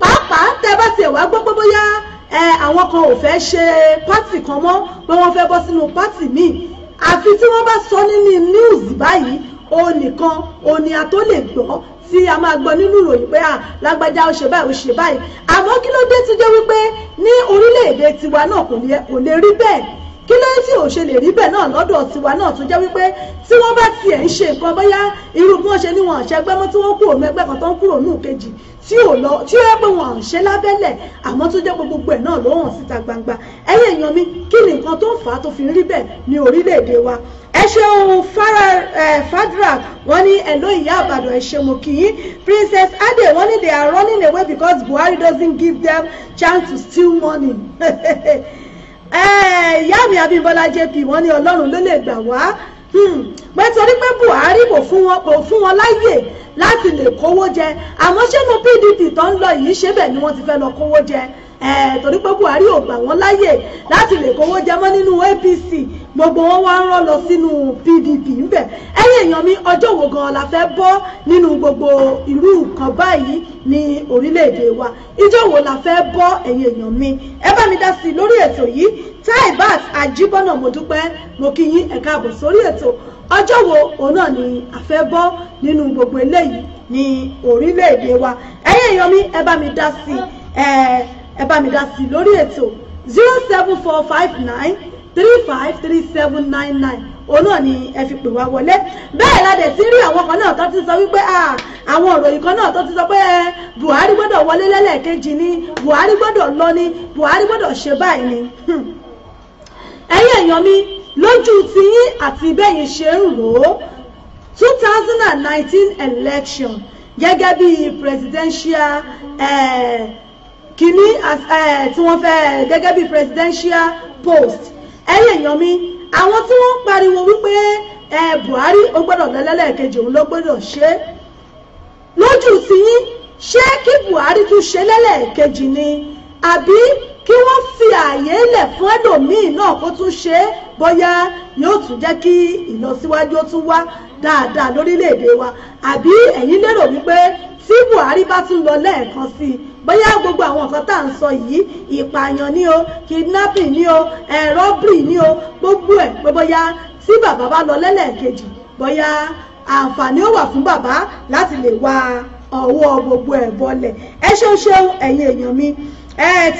pàápàá tẹ bá tiẹ̀ wá gbọ́ pé bóyá àwọn kan ò fẹ́ ṣe pátì kan mọ́ pé wọ́n fẹ́ bọ́ sínú pátì míì àfi tí wọ́n bá sọ nínú news báyìí òun nìkan òun ni a tó lè gbọ́ tí a máa gbọ́ nínú ìròyìn pé à ah, lágbájá ó ṣe báyìí ó ṣe báyìí àmọ́ kí ló dé tó jẹ́ wípé ní orílẹ̀-èdè tiwa náà kò lè rí bẹ́ẹ̀ kí ló tí ò ṣe lè rí bẹ́ẹ̀ náà lọ́dọ̀ tiwa náà tó jẹ́ wípé tí wọ́n bá tiẹ̀ ń ṣe nǹkan bóyá irú bí wọ́n ṣe ní wọn àṣẹgbẹ́ mọ́ tí wọ́n kúrò ní ẹgbẹ́ kan tó ń kúrò ní òkejì tí ò lọ tí ó yẹ pé wọn à lábẹ́lẹ̀ àmọ́ tó jẹ́ gbogbo ẹ̀ náà ló hàn síta gbangba ẹ̀yìn èèyàn mi kí ni nǹkan tó ń fà á tó fi rí bẹ́ẹ̀ ní orílẹ̀-èdè wa ẹ ṣeun fadra wọ́n ní ẹlò ìyá àbàdàn ẹ ṣe mo kì í princess ade wọ́n ní they are running away because buhari doesn't give them chance to steal money Eh, ìyá mi Abímbọ́lá JP wọ́n ní Ọlọ́run ló lè gbà wá pé hmm. torí pé Buhari kò fún wọn kò fún wọn láyè láti lè kówó jẹ àmọ́ ṣé nu PDP tó ń lọ yìí ṣébẹ̀ ni wọ́n ti fẹ́ lọ kówó jẹ Eh, torí pé Buhari ò gbà wọ́n láyè láti lè kówó jẹmọ́ nínú APC gbogbo wọn wá ń rán lọ sínú PDP ńbẹ ẹ̀yin èèyàn mi ọjọ́ wo gan la fẹ́ bọ́ nínú gbogbo irú nǹkan báyìí ní orílẹ̀-èdè wa ìjọ́ wo la fẹ́ bọ́ ẹ̀yin èèyàn mi ẹ bá mi dá sí i lórí ètò yìí Taibat Àjíbọ́nà mo dúpẹ́ mo kí yín ẹ káàbọ̀ sórí ètò ọjọ́ wo òun náà ni a fẹ́ bọ́ nínú gbogbo eléyìí ní orílẹ̀-èdè wa ẹ̀yin èèyàn mi ẹ bá mi dá sí i eh, ẹ bá mi dá sí i lórí ètò zero seven four five nine three five three seven nine nine òun náà ni ẹ fi pè wá wọlé bẹ́ẹ̀ la dẹ̀ ti rí àwọn kan náà tó ti sọ wípé àwọn òròyìn kan náà tó ti sọ pé Buhari gbọ́dọ̀ wọlé lẹ́lẹ́kejì ni Buhari gbọ́dọ̀ lọ ni Buhari gbọ́dọ̀ ṣe báyìí ni hmm. ẹ̀yin èèyàn mi lójú tiyín àti bẹ́yìn ṣe ń rò ó two thousand and nineteen election gẹ́gẹ́ bí presidential. Eh, kìíní eh, tí wọ́n fẹ́ gẹ́gẹ́ bí presidential post ẹ̀yìn èèyàn mi àwọn tí wọ́n ń pariwo wípé eh, Buhari ó gbọ́dọ̀ lẹ́lẹ́lẹ́kejì òun ló gbọ́dọ̀ ṣe lójú tiyín ṣé kí Buhari tún ṣe lẹ́lẹ́kejì ni àbí kí wọ́n fi ààyè lẹ̀ fún ẹlòmíín náà kó tún ṣe é bóyá yóò tún jẹ́ kí ìlọsíwájú ó tún wá dáadáa lórílẹ̀‐èdè wa àbí ẹ̀yin lérò wípé tí buhari bá tún lọ lẹ́ẹ̀kan sí i bóyá gbogbo àwọn nǹkan tá à ń sọ yìí ìpààyàn ni o kidnapping ni o robbery ni o gbogbo ẹ̀ pé bóyá tí bàbá bá lọ lẹ́lẹ́ẹ̀kejì bóyá àǹfààní ó wà fún bàbá láti lè wá ọwọ́ gbogbo ẹ̀ bọ́lẹ̀ ẹ ṣeun ṣeun ẹ̀yin èèyàn mi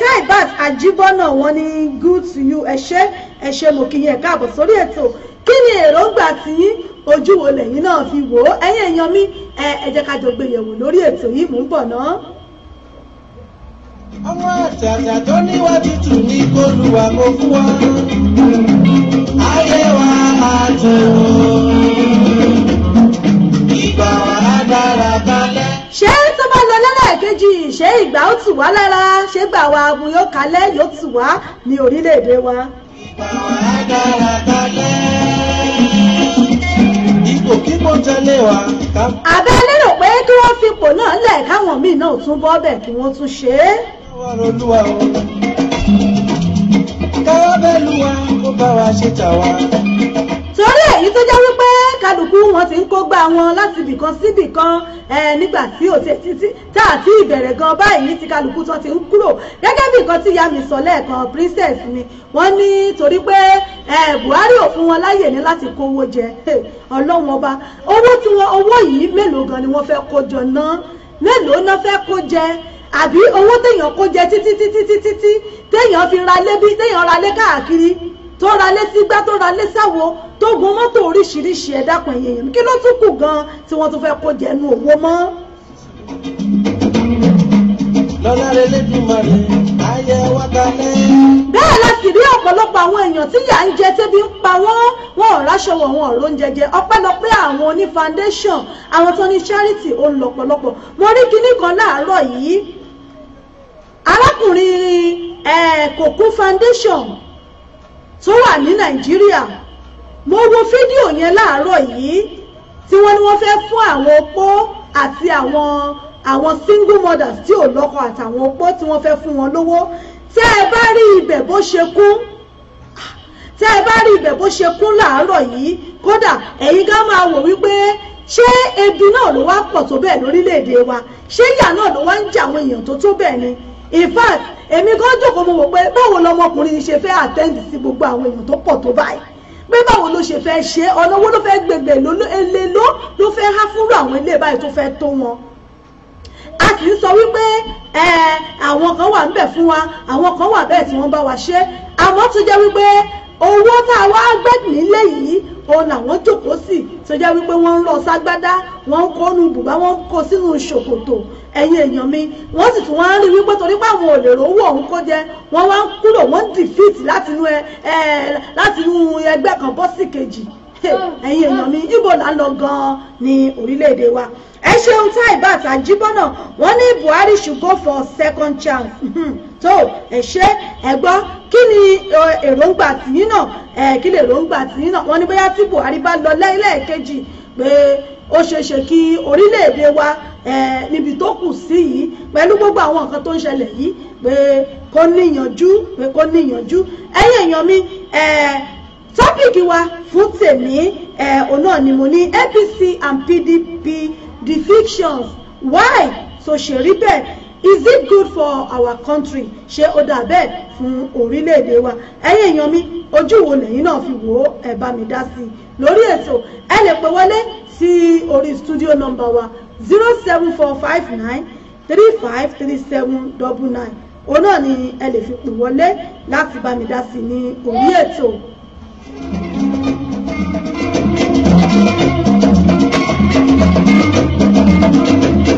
taibat ajibọnà wọn ni good to you ẹ ṣé ẹ ṣé mo kí yín ẹ káàbọ̀ sórí ètò kí ni èròǹgbà tí ojú wo lẹ́yìn náà fi wò ó ẹ̀yin èèyàn mi ẹ jẹ́ ká jọ gbé yẹ̀wò lórí ètò yìí mò bọ̀ náà. àwọn àtàtà tó níwájú tù ní kólúwa mo fún wa ayé wa àtẹ̀wò ìgbà wa dára balẹ̀. ṣé tó bá lọ lẹ́lẹ́kejì ṣé ìgbà ó tù wá lára ṣé gbà wa ogun yóò kalẹ̀ yóò tù wá ní orílẹ̀-èdè wa. ìgbà wa dára balẹ̀ kò kí kò tẹ̀lé wa. àbẹ́ lérò pé kí wọ́n fipò náà lẹ̀ káwọn míì náà tún bọ́ bẹ̀ kí wọ́n tún ṣe é. káwá bẹ́ẹ̀ lu wa kó bá wa ṣe tà wá torí èyí tó jẹ́ wípé kálukú wọn ti ń kó gbá wọn láti ibìkan síbìkan nígbà tí ò ti títí tá à ti ìbẹ̀rẹ̀ gan báyìí tí kálukú tó ti ń kúrò gẹ́gẹ́ bí nǹkan tí ìyá mi sọ lẹ́ẹ̀kan princess ni wọ́n ní torí pé Buhari ò fún wọn láyè ní láti kówó jẹ ọlọ́wọ́n ọba owó tí wọn owó yìí mélòó gan ni wọ́n fẹ́ kó jọ ná mélòó náà fẹ́ kó jẹ àbí owó téèyàn kó jẹ títí títí títí téèyàn fi ra lé bí téèyàn ra lé káàkiri tó ra létí gbá tó ra lésáwo tó gun mọ́tò oríṣiríṣi ẹ dákun ẹ̀yìn èèyàn kí ló tún kù gan tí wọ́n tún fẹ́ kó jẹnu òwò mọ́. lọ́lárẹ̀ lẹ́dùnmọ̀rẹ́ ayé wa kalẹ̀. bẹ́ẹ̀ la sì rí ọ̀pọ̀lọpọ̀ àwọn èèyàn tí yà ń jẹ tẹ́bí ń pa wọ́n wọn ò ráṣọ wọn wọn ò róúnjẹ jẹ ọpẹ́lọpẹ́ àwọn oní foundation àwọn tó ní charity ó ń lọ́pọ̀lọpọ̀ mo rí kinní kan láàárọ̀ yìí arákùnrin eh, kòkú foundation tó wà ní nàìjíríà mo wo fídíò yẹn láàárọ̀ yìí tí wọ́n ní wọ́n fẹ́ fún àwọn opó àti àwọn àwọn single mothers tí ò lọ́kọ àtàwọn opó tí wọ́n fẹ́ fún wọn lówó tẹ́ ẹ bá rí ibẹ̀ bó ṣe kún tẹ́ ẹ bá rí ibẹ̀ bó ṣe kún láàárọ̀ yìí kódà ẹ̀yin ká máa wò wípé ṣé ebi náà ló wá pọ̀ tó bẹ́ẹ̀ lórílẹ̀‐èdè wa ṣé ìyà náà ló wá ń jà àwọn èèyàn tó tó bẹ́ẹ̀ ni in fact èmi gan jókòó mo wò pé báwo lọmọkùnrin yìí ṣe fẹ́ attend sí gbogbo àwọn èèyàn tó pọ̀ tó báyìí pé báwo ló ṣe fẹ́ ṣe ọ̀nà owó ló fẹ́ gbègbè èlé ló ló fẹ́ há fúnrú àwọn ilé báyìí tó fẹ́ tó wọn a kì í sọ wípé àwọn kan wà ń bẹ̀ fún wa àwọn kan wà bẹ́ẹ̀ tí wọ́n bá wa ṣe àmọ́ tó jẹ́ wípé owó tá a wá gbé nílé yìí òun làwọn jókòó sí tó jẹ́ wípé wọ́n ń lọ ságbádá wọ́n ń kọ́nu bùbá wọ́n ń kó sínú ṣòkòtò ẹ̀yin èèyàn mi wọ́n sì tún wọ́n ń rí wípé torí pé àwọn ò lè rówó ọ̀hún jẹ wọ́n wá ń kúrò wọ́n ń defeat láti inú ẹgbẹ́ kan bọ́ sí kejì ẹ̀yin èèyàn mi ibo là ń lọ gan-an ní orílẹ̀-èdè wa ẹ ṣeun tá ìbátan jíbọ́nà wọ́n ní Buhari should go for second chance. tó ẹ ṣe ẹ gbọ́ kí ni èròǹgbà tìyín náà ẹ kí ni èròǹgbà tìyín náà wọ́n ní bóyá tí Buhari bá lọ lẹ́ẹ̀kejì pé ó ṣeé ṣe kí orílẹ̀-èdè wa níbi tó kù sí yìí pẹ̀lú gbogbo àwọn nǹkan tó ń ṣẹlẹ̀ yìí pé kó níyànjú pé kó níyànjú ẹ̀yin èèyàn mi tọ́pìkì wa fún tèmi òun ni mo ní APC and PDP defections why so ṣe rí bẹ́ẹ̀ is it good for our country ṣé ó dà bẹ́ẹ̀ fún orílẹ̀-èdè wa ẹ̀yin èèyàn mi ojú wo lẹ́yìn náà fi wò ó ẹ̀ bá mi dá sí i lórí ètò ẹ lè pè wọlé sí orí studio number wa zero seven four five nine three five three seven double nine òun náà ni ẹ lè fi pè wọlé láti bá mi dá sí i ní orí ètò. Thank you.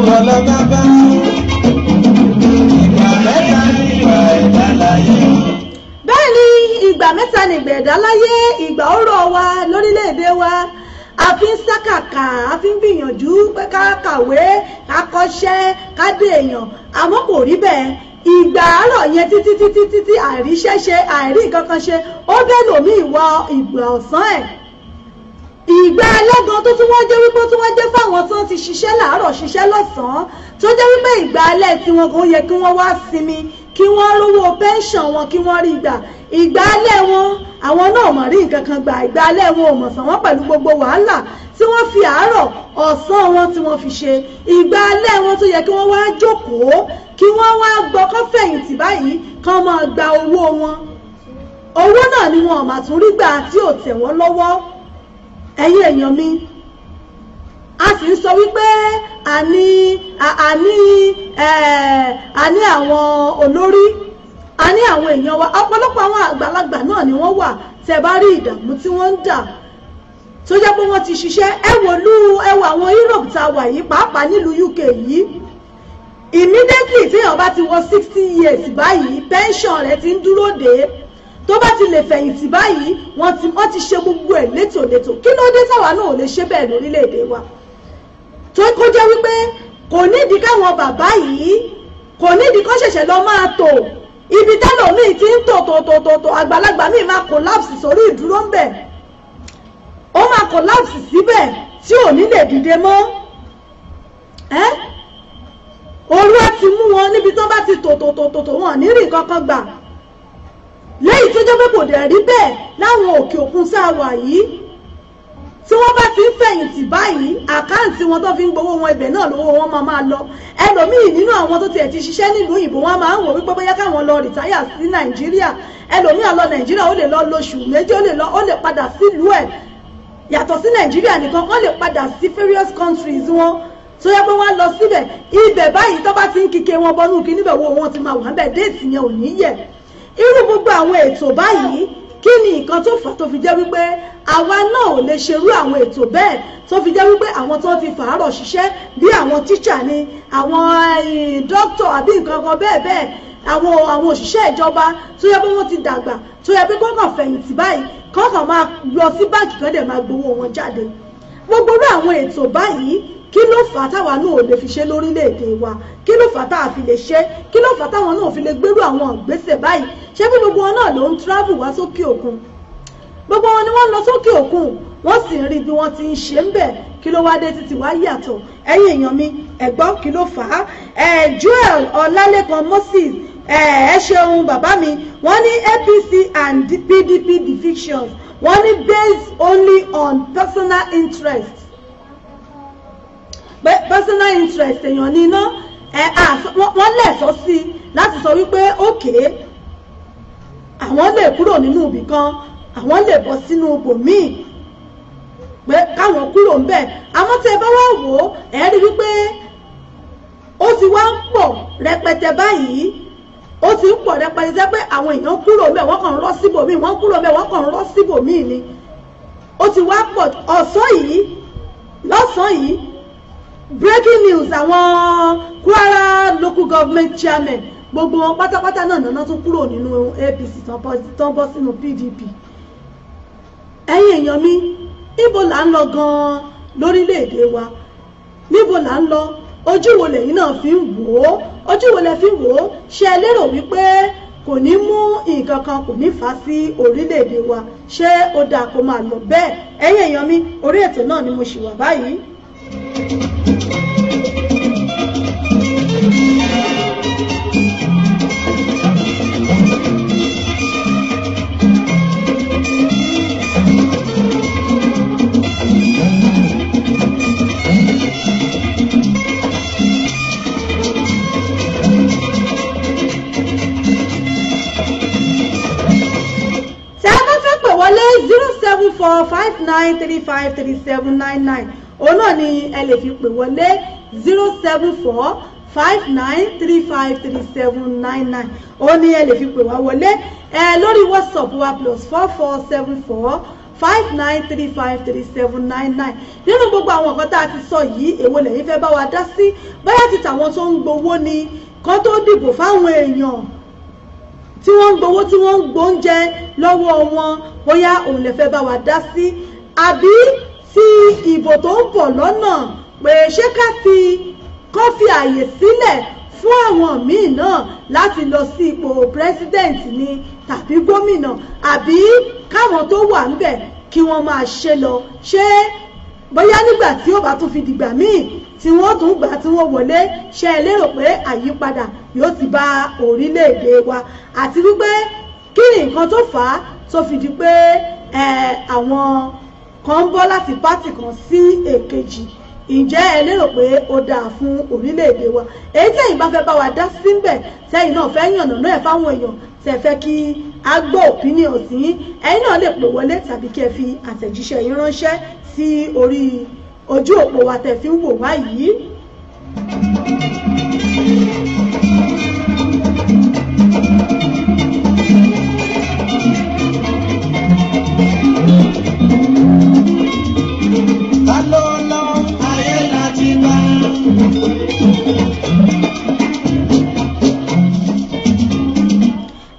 ìwọ lọ́ba bá. ìgbà mẹ́ta ni ìwà ẹ̀dá láyé. bẹ́ẹ̀ ni ìgbà mẹ́ta wa lórílẹ̀‐èdè wa a fi ń ṣàkàkà a fi ń gbìyànjú pé ká kàwé ká kọ́ṣẹ́ ká dé èèyàn àmọ́ kò rí bẹ́ẹ̀ ìgbà àárọ̀ yẹn títí títí títí àìríṣẹ́ ṣe àìrí nǹkan kan ṣe ó bẹ́ẹ̀ lòmí ìwà ìgbà ọ̀sán ẹ̀ ìgbà ẹlẹ́gan tó tún wọ́n jẹ́ wípé tí wọ́n jẹ́ fáwọn tó ti ṣiṣẹ́ làárọ̀ ṣiṣẹ́ lọ́sàn-án tó jẹ́ wípé ìgbà alẹ́ tí wọn kò yẹ kí wọ́n wá sinmi kí wọ́n rówó pẹ́ńsọ̀n wọn kí wọ́n rí gbà ìgbà alẹ́ wọn àwọn náà mọ̀ rí nǹkan kan gbà ìgbà alẹ́ wọn ò mọ̀ sàn wọ́n pẹ̀lú gbogbo wàhálà tí wọ́n fi àárọ̀ ọ̀sán wọn tí wọ́n fi ṣe ìgbà alẹ́ wọn tó yẹ kí wọ́n wá jókòó kí wọ́n wá gbọ́ kọ́ báyìí kán máa gba owó wọn owó náà ni wọn ò mà tún rí gbà tí ò lọ́wọ́ ẹ̀yin èèyàn mi a sì ń sọ wípé a ní a ní eh, a ní àwọn olórí a ní àwọn èèyàn wa ọ̀pọ̀lọpọ̀ àwọn àgbàlagbà náà ni wọ́n wà tẹ́ bá rí ìdààmú tí wọ́n ń dà tó jẹ́ pé wọ́n ti ṣiṣẹ́ ẹ wò lú ẹ wò àwọn Europe tá wà yìí pàápàá nílùú UK yìí immediately téèyàn bá ti wọ sixty years báyìí pension rẹ̀ ti ń dúró dé tó bá ti lè fẹ̀yìntì báyìí wọ́n ti wọ́n ti ṣe gbogbo ẹ̀ létòlétò kí ló dé táwa náà ò lè ṣe bẹ́ẹ̀ lórílẹ̀‐èdè wa tó kó jẹ́ wípé kò nídìí káwọn bàbá yìí kò nídìí kó ṣẹ̀ṣẹ̀ lọ máa tò ibi tẹ́lòmíì ti ń tò tò tò tò tò àgbàlagbà míì máa collapse sórí ìdúró ń bẹ̀ ó máa collapse síbẹ̀ tí ò ní lè dìde mọ́ olúwa ti mú wọn níbi tó bá ti tò tò tò tò wọn ní rí nǹkan kan gbà lẹ́yìn tó jẹ́ pé kò dẹ̀ rí bẹ́ẹ̀ láwọn òkè òkun tá a wà yìí tí wọ́n bá ti ń fẹ̀yìntì báyìí àkáǹtì wọn tó fi ń gbowó wọn ibẹ̀ náà lówó wọn máa máa lọ ẹlòmíì nínú àwọn tó tiẹ̀ ti ṣiṣẹ́ nílùú òyìnbó wọn máa ń wò wípé bóyá káwọn lọ rìtáyà sí nàìjíríà ẹlòmíì lọ nàìjíríà ó lè lọ lóṣù méjì ó lè lọ ó lè padà sílùú ẹ̀ yàtọ̀ sí nàìjíríà nìkan wọ́n lè padà sí various countries wọn tó yẹ pé wọ́n lọ síbẹ̀ ibẹ̀ báyìí tó bá ti ń kike wọn bọ́nú kí níbẹ̀ wo wọn ti máa wà ń bẹ̀ déètì yẹn ò ní yẹ̀ irú gbogbo àwọn ètò báyìí kí ni nǹkan tó fà tó fi jẹ́ wípé àwa náà ò lè ṣerú àwọn ètò bẹ́ẹ̀ tó fi jẹ́ wípé àwọn tó ti fàárọ̀ ṣiṣẹ́ bí àwọn tíṣà ni àwọn dókítà àbí nǹkan kan bẹ́ẹ̀ bẹ́ẹ̀ àwọn àwọn òṣìṣẹ́ ìjọba tó yẹ pé wọ́n ti dàgbà tó yẹ pé kọ́kàn fẹ̀yìntì báyìí kọ́kàn máa lọ sí báǹkì kan dẹ̀ máa gbowó wọn jáde gbogbo irú àwọn ètò báyìí kí ló fà táwa náà ò lè fi ṣe lórílẹ̀‐èdè wa kí ló fà á táwa fi lè ṣe kí ló fà á táwọn náà fi lè gbérú àwọn ìgbésẹ̀ báyìí ṣé bí gbogbo wọn náà ló ń travel wá sókè òkun gbogbo wọn ni wọ́n lọ sókè òkun wọ́n sì ń rí bí wọ́n ti ń ṣe ń bẹ̀ kí ló wá dé títí wá yàtọ̀ ẹ̀yin èèyàn mi ẹ̀gbọ́ kí ló fà á Joel Ọlálékan Moses ẹ ṣeun bàbá mi wọ́n ní APC and PDP defections wọ́n ní based only on personal interest pé personal interest èèyàn ni iná wọ́n lẹ̀tọ́ sí i láti sọ wípé òkè àwọn lè kúrò nínú ibì kan àwọn lè bọ́ sínú ibòmíì pé káwọn kúrò ń bẹ̀ àmọ́ tẹ́ ẹ bá wá wò ó ẹ̀ rí wípé ó ti wá ń pọ̀ rẹpẹtẹ báyìí ó ti ń pọ̀ rẹpẹtẹ pé àwọn èèyàn kúrò ń bẹ̀ wọ́n kàn ń lọ síbòmíì wọ́n kúrò ń bẹ̀ wọ́n kàn ń lọ síbòmíì ni ó ti wá pọ̀ ọ̀sán yìí lọ́sàn-án yìí breaking news àwọn Kwara local government chairman gbogbo wọn pátápátá náà nàná tún kúrò nínú APC tán bọ́ sínú PDP ẹ̀yin èèyàn mi níbo là ń lọ gan-an lórílẹ̀‐èdè wa níbo là ń lọ ojú wo lẹ́yìn náà fi ń wò ó ojú wo lẹ fi ń wò ó ṣé ẹ lérò wípé kò ní mú nǹkan kan kò ní fà á sí orílẹ̀‐èdè wa ṣé ó dáa kó máa lọ bẹ́ẹ̀ ẹ̀yin èèyàn mi orí ètò náà ni mo ṣì wà báyìí. nine three five three seven nine nine òun náà ni ẹ lè fi pè wọlé zero seven four five nine three five three seven nine nine ó ní ẹ lè fi pè wá wọlé ẹ lórí whatsapp wa plus four four seven four five nine three five three seven nine nine nínú gbogbo àwọn nǹkan tá a ti sọ yìí èwo lẹ́yìn fẹ́ bá wa dá sí bóyá ti tàwọn tó ń gbowó ni kó tó dìbò fáwọn èèyàn tí wọ́n ń gbowó tí wọ́n ń gbóúnjẹ lọ́wọ́ wọn bóyá òun lè fẹ́ bá wa dá sí àbí ti ìbò tó ń bọ̀ lọ́nà pé ṣé ká fi kó fi ààyè sílẹ̀ fún àwọn míì náà láti lọ sí ipò president ni tàbí gómìnà àbí káwọn tó wà níbẹ̀ kí wọ́n máa ṣe lọ ṣé bóyá nígbà tí ó bá tún fi dìgbà míì tí wọ́n tún gbà tí wọ́n wọlé ṣe é lérò pé àyípadà yóò ti bá orílẹ̀-èdè wa àti wípé kí ni nǹkan tó fà á tó fi di pé àwọn kan ń bọ́ láti pátì kan sí èkejì. E ǹjẹ́ ẹ lérò pé ó dáa fún orílẹ̀-èdè wa èyí tẹ̀yin bá fẹ́ bá wa dá síbẹ̀ tẹ̀yin náà fẹ́ yànnà náà ẹ̀ fáwọn èèyàn tẹ̀ fẹ́ kí a gbọ́ opinion sí yín náà lè pè wọlé tàbí kí ẹ fi àtẹ̀jíṣẹ́ yín ránṣẹ́ sí orí ojú òpó wa tẹ̀ fi ń wò wá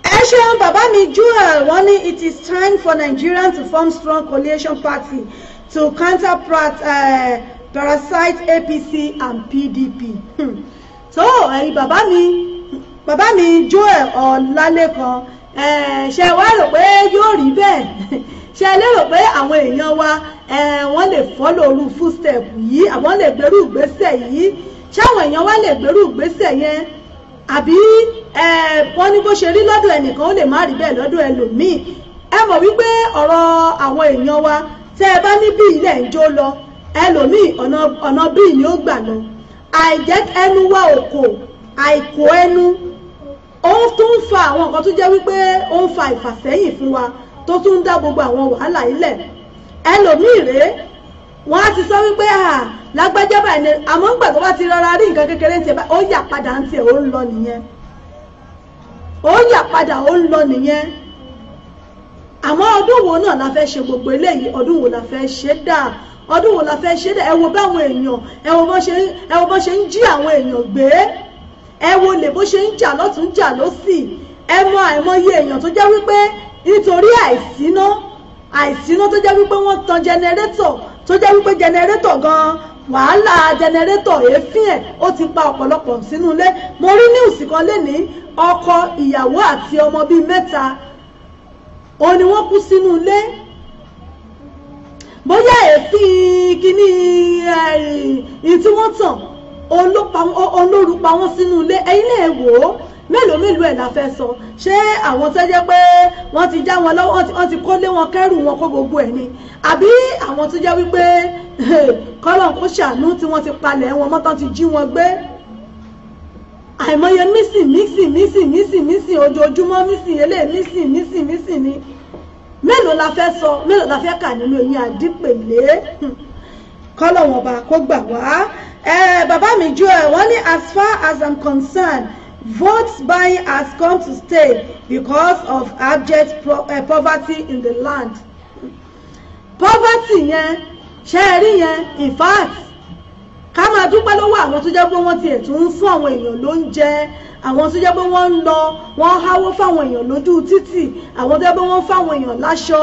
ẹ ṣeun bàbá mi wọ́n ní it is time for Nigerians to form strong coalition party to counter uh, eh, parasite APC and PDP hmm. so ẹ̀yin bàbá mi bàbá mi Joel Ọlálékan eh, ṣe wá rò pé yóò rí bẹ́ẹ̀ ṣe lérò pé àwọn èèyàn wa wọ́n lè fọ́lọ̀ orú footstep yìí àwọn lè gbèrú ìgbésẹ̀ yìí ṣáwọn èèyàn wa lè gbèrú ìgbésẹ̀ yẹn àbí wọ́n ní bó ṣe rí lọ́dọ̀ ẹnìkan ó lè má rí bẹ́ẹ̀ lọ́dọ̀ ẹlòmíì ẹ mọ̀ wípé ọ̀rọ̀ àwọn èèyàn wa tẹ́ ẹ bá ní bí ilẹ̀ ń jó lọ ẹlòmíì ọ̀nà bíi ni ó gbà lọ àìjẹ́ ẹnu wá òkò àìkò ẹnu ó tún fa àwọn nǹkan tó jẹ́ wípé ó ń fa ìfàsẹ́yìn fún wa tó tún ń dá gbogbo àwọn wàhálà yìí lẹ̀ ẹlòmíì rèé wọ́n á ti sọ wípé à lágbájá báyìí ni àmọ́ ń gbà tó bá ti rọra rí nǹkan kékeré tiẹ̀ báyìí ó yà padà ń tiẹ̀ ó ń lọ nìyẹn ó yà padà ó ń lọ nìyẹn àmọ́ ọdún wo náà la fẹ́ ṣe gbogbo eléyìí ọdún wo la fẹ́ ṣe dà ọdún wo la fẹ́ ṣe dà ẹ wo báwọn èèyàn ẹ wo bó ṣe ń jí àwọn èèyàn gbé ẹ wo lè bó ṣe ń jà lọ́tún jà lọ́sì ẹ mọ àìmọye èèyàn tó jẹ́ wípé nítorí àìsíná àìsíná tó jẹ́ wípé wọ́n tan jẹnẹrétọ̀ tó jẹ́ wípé jẹnẹrétọ̀ gan-an wàhálà jẹnẹrétọ̀ èéfín ẹ̀ ó ti pa ọ̀pọ̀lọpọ̀ sínú ilé mo rí níwùsì kan lénìí ọkọ ìyàwó àti ọmọ bíi mẹ́ta òun ni wọ́n kú sínú ilé bóyá èéfín kínní ìtí wọ́n tàn olórúpa wọn sínú ilé ẹ̀yin lè wò ó mélòó mélòó ẹ̀ la fẹ́ sọ ṣé àwọn tó jẹ́ pé wọ́n ti já wọn lọ́wọ́ wọ́n ti kó lé wọn kẹ́rù wọn kó gbogbo ẹ̀ ni àbí àwọn tó jẹ́ wípé kọ́lọ̀n kó ṣàánú tí wọ́n ti palẹ̀ wọn mọ́tán ti jí wọn gbé àìmọye mísìn mísìn mísìn mísìn mísìn ojoojúmọ́ mísìn eléyìí mísìn mísìn mísìn ni mélòó la fẹ́ sọ mélòó la fẹ́ kà nínú eyín àdípèlé hmm. kọ́lọ̀ wọn bá kó gbà wá bàbá mi jó ẹ wọ́n ní as far as i'm concerned Votes buying has come to stay because of abject pro uh, eh, poverty in the land. Poverty yẹn ṣe é yẹn in fact ká máa dúpẹ́ lọ́wọ́ àwọn tó jẹ́ pé wọ́n tiẹ̀ tún ń fún àwọn èèyàn lóúnjẹ àwọn tó jẹ́ pé wọ́n ń lọ wọ́n háwó fáwọn èèyàn lójú títì àwọn tó jẹ́ pé wọ́n fáwọn èèyàn láṣọ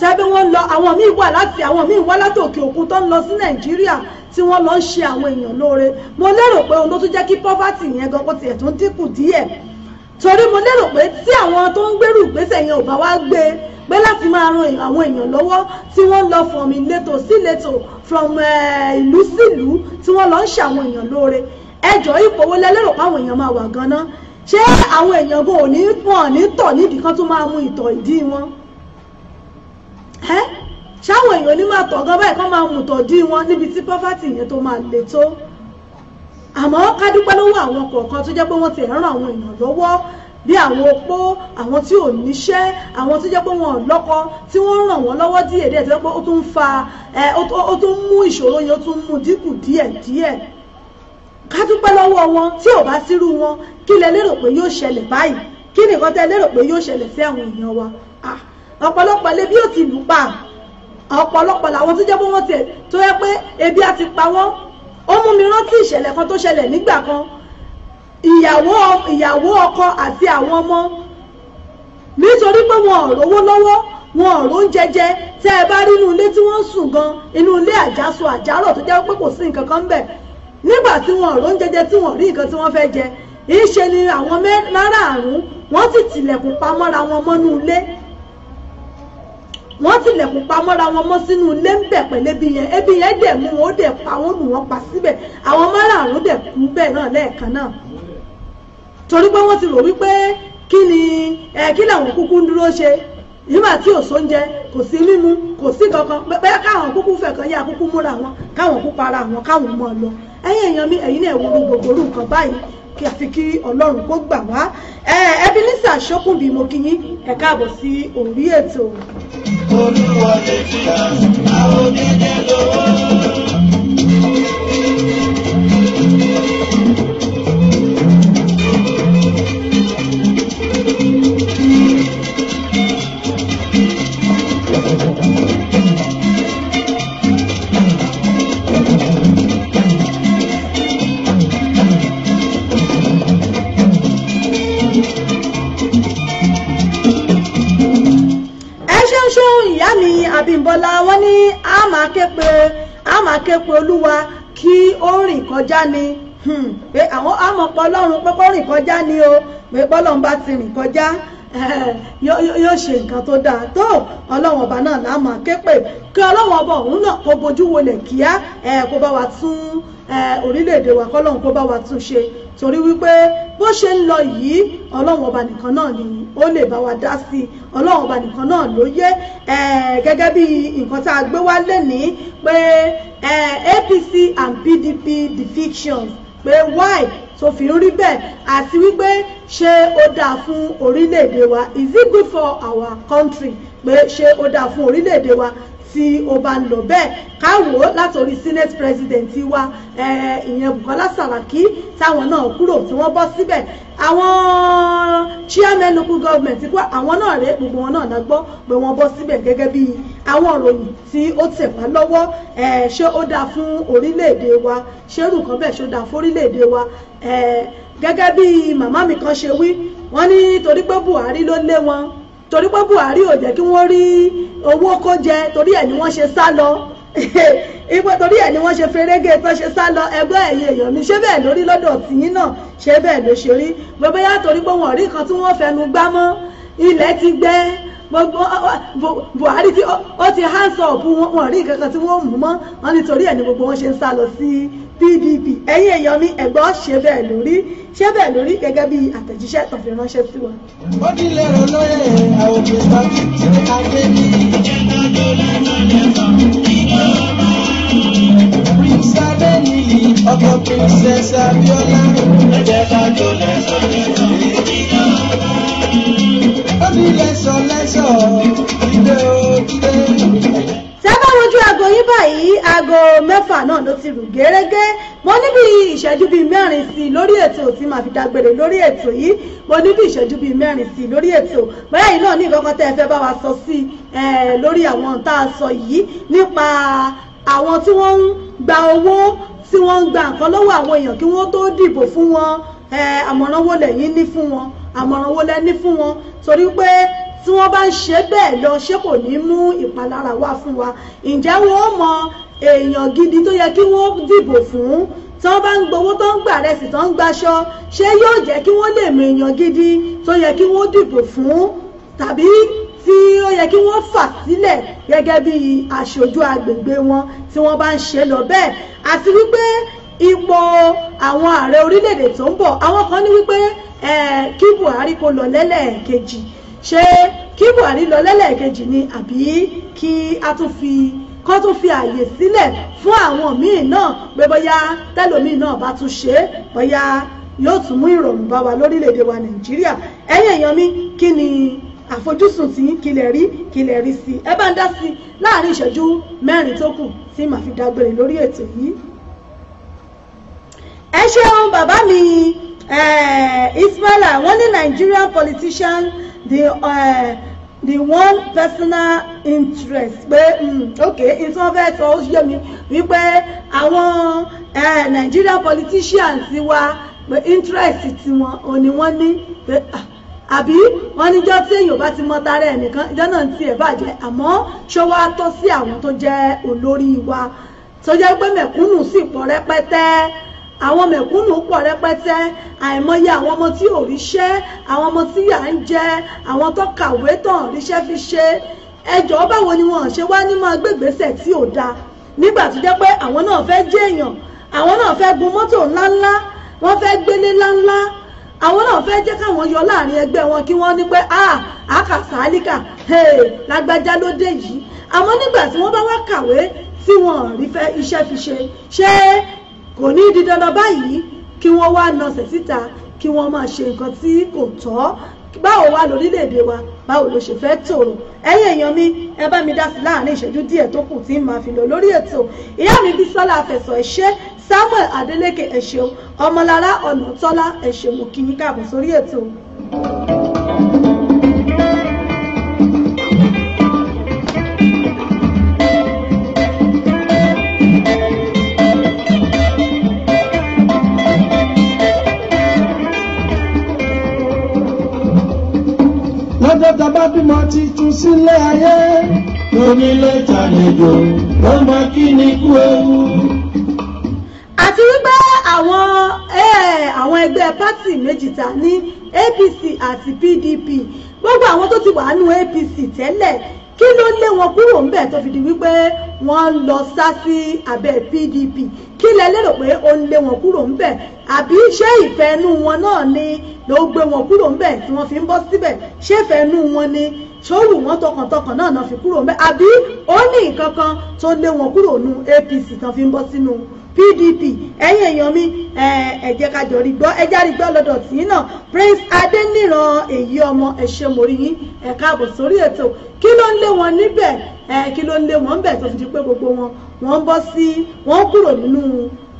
tẹ́bí wọ́n lọ àwọn míì wà láti àwọn míì wá láti òkè òkun tó ń lọ sí nàìjíríà tí wọ́n lọ ń ṣe àwọn èèyàn lóore mo lérò pé òun ló tún jẹ́ kí poverty yẹn gan kó tiẹ̀ tún dínkù díẹ̀ torí mo lérò pé tí àwọn tó ń gbèrú ìgbésẹ̀ yẹn ò bá wá gbé pé láti máa ran àwọn èèyàn lọ́wọ́ tí wọ́n lọ from ìletò sí ìletò from eh, ìlú sí ìlú tí wọ́n lọ ń ṣe àwọn èèyàn lóore ẹjọ́ ipò wo lẹ lérò pé àwọn èèyàn máa wà ganan ṣé àwọn èèyàn gan ò ní pọ̀ ní tọ̀ nídìí kan tó máa mu ìtọ̀ ìdí wọn ẹ́ ṣáwọn èèyàn onímọ̀ àtọ̀gán báyìí kán máa mú tọ̀dí wọn níbi tí pọ́fàtì yẹn tó máa le tó àmọ́ ká dúpẹ́ lọ́wọ́ àwọn kọ̀ọ̀kan tó jẹ́ pé wọ́n ti ràn àwọn èèyàn lọ́wọ́ bí àwọn opó àwọn tí ò níṣẹ́ àwọn tó jẹ́ pé wọn ò lọ́kọ tí wọ́n ràn wọ́n lọ́wọ́ díẹ̀ díẹ̀ tó jẹ́ pé ó tún fa ó tún mú ìṣòro yẹn ó tún mú dínkù díẹ̀ díẹ̀ ká dúpẹ́ lọ́wọ́ wọn tí ò bá sírú wọn kí lẹ lérò pé yóò ṣẹlẹ̀ báyìí kí nìkan tẹ lérò pé yóò ṣẹlẹ̀ sí àwọn èèyàn wa ah ọ̀pọ̀lọpọ̀ lè bí ó ti lù pa ọ̀pọ̀lọpọ̀ làwọn tó jẹ́ pé wọ́n tẹ̀ tó yẹ pé ebi á ti pa wọ́n ó mú mi rántí ìṣẹ̀lẹ̀ kan tó ṣẹlẹ̀ nígbà kan ìyàwó ìyàwó ọkọ àti àwọn ọmọ nítorí pé wọn ò rówó lọ́wọ́ wọn ò róúnjẹ jẹ tẹ́ ẹ bá rí inú ilé tí wọ́n ń sùn gan inú ilé àjàsọ àjàrò tó jẹ́ pé kò sí nǹkan kan bẹ̀ nígbà tí wọn ò róúnjẹ jẹ tí wọn rí nǹkan tí wọ́n fẹ́ jẹ ìṣe ni àwọn márààrún wọ́n ti tilẹ̀kùn pamọ́ra wọn mọ́nú ilé wọ́n tilẹ̀kùn pamọ́ra wọn mọ́ sínú ilé ń bẹ̀ pẹ̀lú ebi yẹn ebi yẹn dẹ̀ mú wọn ó dẹ̀ pa wọn lù wọ́n pa síbẹ̀ àwọn márààrún dẹ̀ kú bẹ́ẹ̀ náà lẹ́ẹ̀kan náà torí pé wọ́n ti rò wípé kí ni ẹ kí làwọn kúkú ń dúró ṣe nígbà tí ò sóúnjẹ kò sí mímu kò sí kankan bẹ́ẹ̀ káwọn kúkú fẹ̀ kan yá kúkú múra wọn káwọn kú para wọn káwọn mọ̀ lọ ẹ̀yìn èèyàn mi ẹ̀yìn náà wo kí a kí ọlọ́run kó gbà wá ẹ̀ẹ́dínlẹ́sà ṣókùnbí mo kí yín ẹ káàbọ̀ sí orí ètò olúwọlé kíkan àwọn gẹ́gẹ́ lọ́wọ́. jẹ́ pé olúwa kí ó rìn kọjá ni hmm. pé àwọn àmọ̀pọ̀ ọlọ́run pé kó rìn kọjá ni o pé bọ́lọ́run bá ti rìn kọjá yóò ṣe nǹkan tó dáa tó ọlọ́run ọba náà la máa ké pè kí ọlọ́run ọba òun náà kó bojú wọlé kíá kó bá wa tún orílẹ̀-èdè wa kọ́lọ́run kó bá wa tún ṣe torí wípé bó ṣe ń lọ yìí ọlọ́run ọba nìkan náà ni ó lè bá wa dá sí i ọlọ́run ọba nìkan náà ló yé gẹ́gẹ́ bí nǹkan tá a gbé wá lénìí pé APC and PDP defections pé why tó fi ń rí bẹ́ẹ̀ àti wípé ṣé ó dáa fún orílẹ̀-èdè wa is it good for our country pé ṣé ó dáa fún orílẹ̀-èdè wa tí ó bá ń lọ bẹ́ẹ̀ ká látòrí senate president wa ìyẹn Bukola Saraki táwọn náà kúrò tí wọ́n bọ́ síbẹ̀ àwọn chairman local government pé àwọn náà rèé gbogbo wọn náà gbọ́ pé wọ́n bọ́ síbẹ̀ gẹ́gẹ́ bí àwọn ìròyìn tí ó tẹ̀ wá lọ́wọ́ ṣé ó dáa fún orílẹ̀-èdè wa ṣé irú kan bẹ́ẹ̀ ṣó dáa fún orílẹ̀-èdè wa gẹ́gẹ́ bí màmá mi kan ṣe wí wọ́n ní torí pé Buhari ló lé wọn torí pé Buhari ò jẹ́ kí wọ́n rí owó kó jẹ torí ẹ̀ ni wọ́n ṣe sá lọ ipò torí ẹ̀ ni wọ́n ṣe ferege tó ṣe sá lọ ẹgbẹ́ ẹ̀yìn èèyàn mi ṣé bẹ́ẹ̀ lórí lọ́dọ̀ tìyín náà ṣé bẹ́ẹ̀ ló ṣe rí gbogbo yá torí pé wọ́n rí nǹkan tí wọ́n fẹnu gbá mọ́ ilẹ̀ ti gbẹ́ Buhari ó ti hands up wọ́n rí nǹkan tí wọ́n mú mọ́ wọn nítorí ẹ̀ ni gbogbo wọn ṣe ń sá lọ sí PDP ẹ̀yin èèyàn mi ẹ̀gbọ́n ṣe bẹ́ẹ̀ lórí ṣe bẹ́ẹ̀ lórí gẹ́gẹ́ bí àtẹ̀jíṣẹ́ tó fi ránṣẹ́ sí wa. ó ti lè rò lóye àwọn òṣèlú àgbẹ̀ ní ìjẹta tó lẹ́nu lẹ́nu ìjọba. Prince Adenili ọkọ Princess Abiola. ẹ̀jẹ̀ ká jó lẹ́sọ̀ lẹ́sọ̀ ìjọba. ó ti lẹ́sọ̀ lẹ́sọ̀ ìgbé òkúté aago yín báyìí aago mẹ́fà náà ló ti rù gẹ́rẹ́gẹ́ mo ní bí ìṣẹ́jú bíi mẹ́rin sí i lórí ètò tí màá fi dágbére lórí ètò yìí mo ní bí ìṣẹ́jú bíi mẹ́rin sí i lórí ètò bóyá yìí náà ní nǹkan kan tẹ́ ẹ fẹ́ bá wa sọ sí i lórí àwọn tá a sọ yìí nípa àwọn tí wọ́n ń gba owó tí wọ́n ń gba nǹkan lọ́wọ́ àwọn èèyàn kí wọ́n tó dìbò fún wọn àmọ̀ràn wo lẹ̀yin ní fún wọn àmọ̀ràn wo lẹ ní fún wọn torí pé tí wọ́n bá ń ṣe bẹ́ẹ̀ lọ ṣé kò ní mú ìpalára wá fún wa ǹjẹ́ wọ́n mọ èèyàn gidi tó yẹ kí wọ́n dìbò fún tí wọ́n bá ń gbowó tó ń gbà rẹsì tó ń gbaṣọ ṣé yóò jẹ́ kí wọ́n lè mọ èèyàn gidi tó yẹ kí wọ́n dìbò fún tàbí tí ó yẹ kí wọ́n fà sílẹ̀ gẹ́gẹ́ bí aṣojú agbègbè wọn tí wọ́n bá ń ṣe lọ bẹ́ẹ̀ àti wípé ipò àwọn ààrẹ orílẹ̀-èdè tó ń bọ̀ àwọn kan ní wípé kí Buhari kó lọ lẹ́lẹ́ẹ̀kejì ṣé kí buhari lọ lẹ́lẹ́ẹ̀kejì ni àbí kí a tún fi kọ́ tún fi àyè sílẹ̀ fún àwọn míì náà pé bóyá tẹ́lòmíì náà bá tún ṣe é bóyá yóò tún mú ìrọ̀rùn bá wa lórílẹ̀‐èdè wa nàìjíríà ẹ̀yin èèyàn mi kí ni àfojúsùn tí kí lè rí kí lè rí sí i ẹ bá ń dá sí i láàrin ìṣẹ́jú mẹ́rin tó kù tí màá fi dágbére lórí ètò yìí. ẹ ṣeun bàbá mi Ismaila wọ́n ní Nigerian politician the uh, the one personal interest pé um, ok ìtàn fẹ́ sọ ó yé mi wípé àwọn eh, Nigerian politicians wa pé interest tiwọn ò ní wọ́n ní pé ah, àbí wọ́n níjọ́ tí èèyàn bá ti mọ tara ẹ̀ nìkan ìjọ náà ti ẹ̀ bàjẹ́ àmọ́ ṣọwọ́ atọ́ sí àwọn tó jẹ́ olórí wa tó jẹ́ pé mẹ̀kúnnù sì pọ̀ rẹpẹtẹ àwọn mẹ̀kúnnù pọ̀ rẹpẹtẹ àìmọye àwọn ọmọ tí ò ríṣẹ́ àwọn ọmọ tí yà ń jẹ àwọn tó kàwé tán ríṣẹ́ fi ṣe ẹjọ́ báwo ni wọ́n ṣe wá ní máa gbégbèsè tí ò dáa nígbà tó jẹ́ pé àwọn náà fẹ́ jẹ́ èèyàn àwọn náà fẹ́ gun mọ́tò ńláńlá wọ́n fẹ́ gbélé ńláńlá àwọn náà fẹ́ jẹ́ káwọn yọ láàrin ẹgbẹ́ wọn kí wọ́n ní pé a àkàsà àlíkà lágbájá ló dé yìí àmọ́ nígbà tí wọ́n bá wá kàwé tí wọ́n rí fẹ́ iṣẹ́ fi ṣe ṣé kò ní di dandan báyìí kí wọ́n wá nọsẹ̀ síta kí wọ́n máa ṣe nǹkan tí kò tọ́ báwo wá lórílẹ̀‐èdè wa báwo ló ṣe fẹ́ tòrò ẹ̀yin èèyàn mi ẹ bá mi dá sí láàrin ìṣẹ́jú díẹ̀ tó kù tí n máa fi lò lórí ètò ìyá mi Bísọ́lá Afẹ̀sọ̀ ẹ̀ṣẹ́ Samuel Adeleke ẹ̀ṣẹ́ ọmọlára ọ̀nà tọ́lá ẹ̀ṣẹ́ mọ̀kí ní sórí ètò. mọ titun sílẹ̀ ayé. onílé ìtàlejò ló mọ kí ni kú ewu. àti wípé àwọn eh, àwọn ẹgbẹ́ pátì méjì ta ní APC àti PDP gbogbo àwọn tó ti wà nínú APC tẹ́lẹ̀ kí ló lé wọn kúrò ń bẹ̀ tó fi di wípé wọ́n lọ sá sí PDP kí lẹ lérò pé ó ń lé wọn kúrò ń bẹ̀ àbí ṣé ìfẹ́nu wọn náà ni ló gbé wọn kúrò ń bẹ̀ tí wọ́n fi ń bọ́ síbẹ̀ ṣé ìfẹ́nu wọn ni ṣòwò wọn tọkàntọkàn náà náà fi kúrò ń bẹ̀ àbí ó ní nǹkan kan tó lé wọn kúrò nu APC tán fi ń bọ́ sínú PDP ẹ̀yin èèyàn mi ẹ jẹ́ ká jọ rí gbọ́ ẹ járí gbọ́ lọ́dọ̀ tí náà Prince Adéníran èyí ọmọ ẹ ṣé mo rí yín ẹ káàbọ̀ sórí ètò kí ló ń lé wọn níbẹ̀ kí ló ń lé wọn níbẹ̀ tó fi di pé gbogbo wọn wọ́n ń bọ́ sí wọ́n kúrò nínú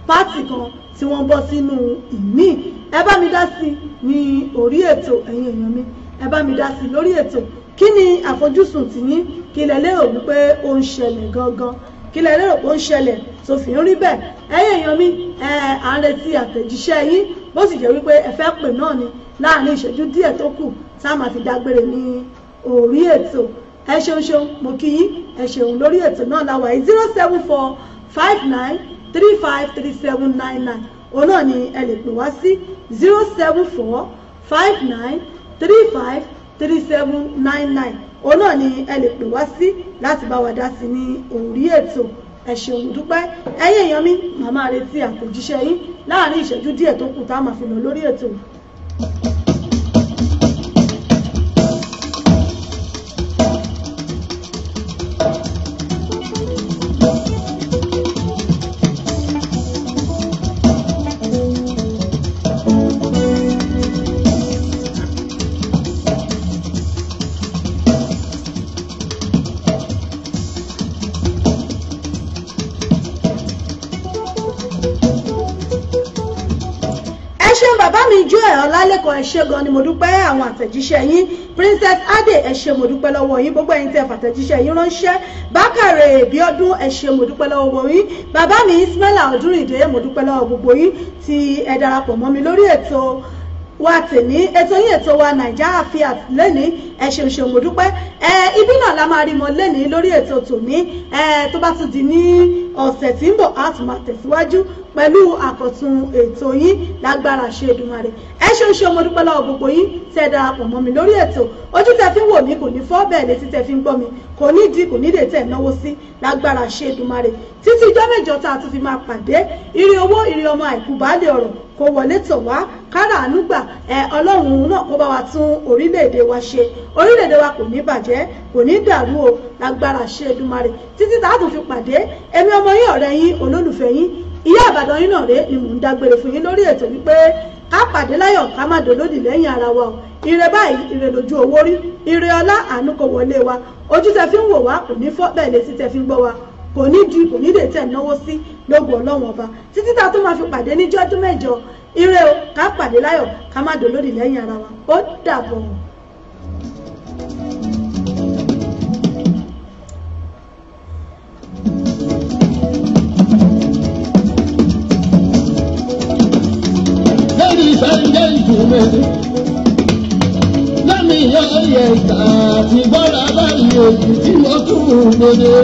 pátì kan tí wọ́n bọ́ sínú ìmíì ẹ bá mi dá sí ní orí ètò ẹ̀yin èèyàn mi ẹ bá mi dá sí lórí ètò kí ni àfojúsùn tìyín kí lẹ lérò wípé ó ń ṣẹlẹ̀ gangan kí lẹ lérò pé ó ń ṣẹlẹ̀ sófin rí bẹ́ẹ̀ ẹ̀yin èèyàn mi à ń retí àtẹ̀jíṣẹ́ yín bó sì jẹ́ wípé ẹ fẹ́ pè náà ni láàrin ìṣẹ́jú díẹ̀ tó kù tá a máa fi dágbére ní orí ètò ẹ ṣeun ṣeun mo kí yín ẹ ṣeun lórí ètò náà láwa yìí zero seven four five nine three five three seven nine nine òun náà ni ẹ lè pè wá sí zero seven four five nine three five three seven nine nine òun náà ni ẹ lè pè wá sí láti bá wa dá sí ní òrí ètò ẹ ṣeun dúpẹ́ ẹ̀yin èèyàn mi màmá retí àpòjíṣẹ́ yín láàrin ìṣẹ́jú díẹ̀ tó kù tá a máa fi lọ lórí ètò. ẹ ṣé gan ni mo dúpẹ́ àwọn àtẹ̀jíṣẹ́ yín Princess Ade ẹ ṣé mo dúpẹ́ lọ́wọ́ yín gbogbo ẹ̀yin tẹ́ fàtẹ̀jíṣẹ́ yín ránṣẹ́ Bákàrè Bíọ́dún ẹ ṣé mo dúpẹ́ lọ́wọ́ gbogbo yín bàbá mi Ismaila Ọdúnrìndé mo dúpẹ́ lọ́wọ́ gbogbo yín tí ẹ darapọ̀ mọ́ mi lórí ètò wa tèmi ètò yìí ètò wa naija àfihàn lẹ́nìí ẹ ṣeun mo dúpẹ́ ẹ ibi náà la máa rí mọ lẹ́nìí lórí ètò tòní ẹ tó bá tún di ní ọ̀sẹ̀ tí ń bọ̀ á tún máa tẹ̀síwájú pẹ̀lú àkọ̀tun ètò yín lágbára ṣe Èdùmàrè ẹ ṣeun ṣe ọmọ dúpẹ́ lọ́wọ́ gbogbo yín tẹ́ ẹ darapọ̀ mọ́ mi lórí ètò ojú tẹ́ fi ń wò mí kò ní fọ́ bẹ́ẹ̀ létí tẹ́ fi ń gbọ́ mi kò ní di kò ní dè tẹ́ náwó sí lágbára ṣe Èdùmàrè títí ijọ́ mẹ́jọ tá a tún fi máa pàdé ire owó ire ọmọ àìkú baálé ọ̀rọ̀ kó wọlé tọ̀ wá kára ànúgbà ẹ ọlọ́run náà kó bá wa tún orílẹ̀-èdè wa ṣe orílẹ̀-èdè wa kò ní bàjẹ́ kò ní dàrú o lágbára ṣe Èdùmàrè títí tá a tún fi pàdé èmi ọmọ yín ọ̀rẹ́ yín olólùfẹ́ yín ìyá àbàdàn yín náà rèé ni mò ń dágbére fún yín lórí ètò wípé ká pàdé láyọ̀ ká má dolódì lẹ́yìn ara wa o ire báyìí ire lójú owó rí ire ọlá àánú kò wọlé wa ojú tẹ fi ń wò wá kò ní fọ́ bẹ́ẹ̀ létí tẹ fi ń gbọ́ wa kò ní di kò ní lè tẹ̀ náwó sí lógo ọlọ́wọ́n ọba títí tá a tún máa fi pàdé níjọ́ ọdún mẹ́jọ ire o ká pàdé láyọ̀ ká má dolódì lẹ́yìn ara wa ó dàbọ̀. independent women. Lẹ́mi ọ̀yẹ̀ta àti bọ́lá bá ní òjì tí mo tún un lóde.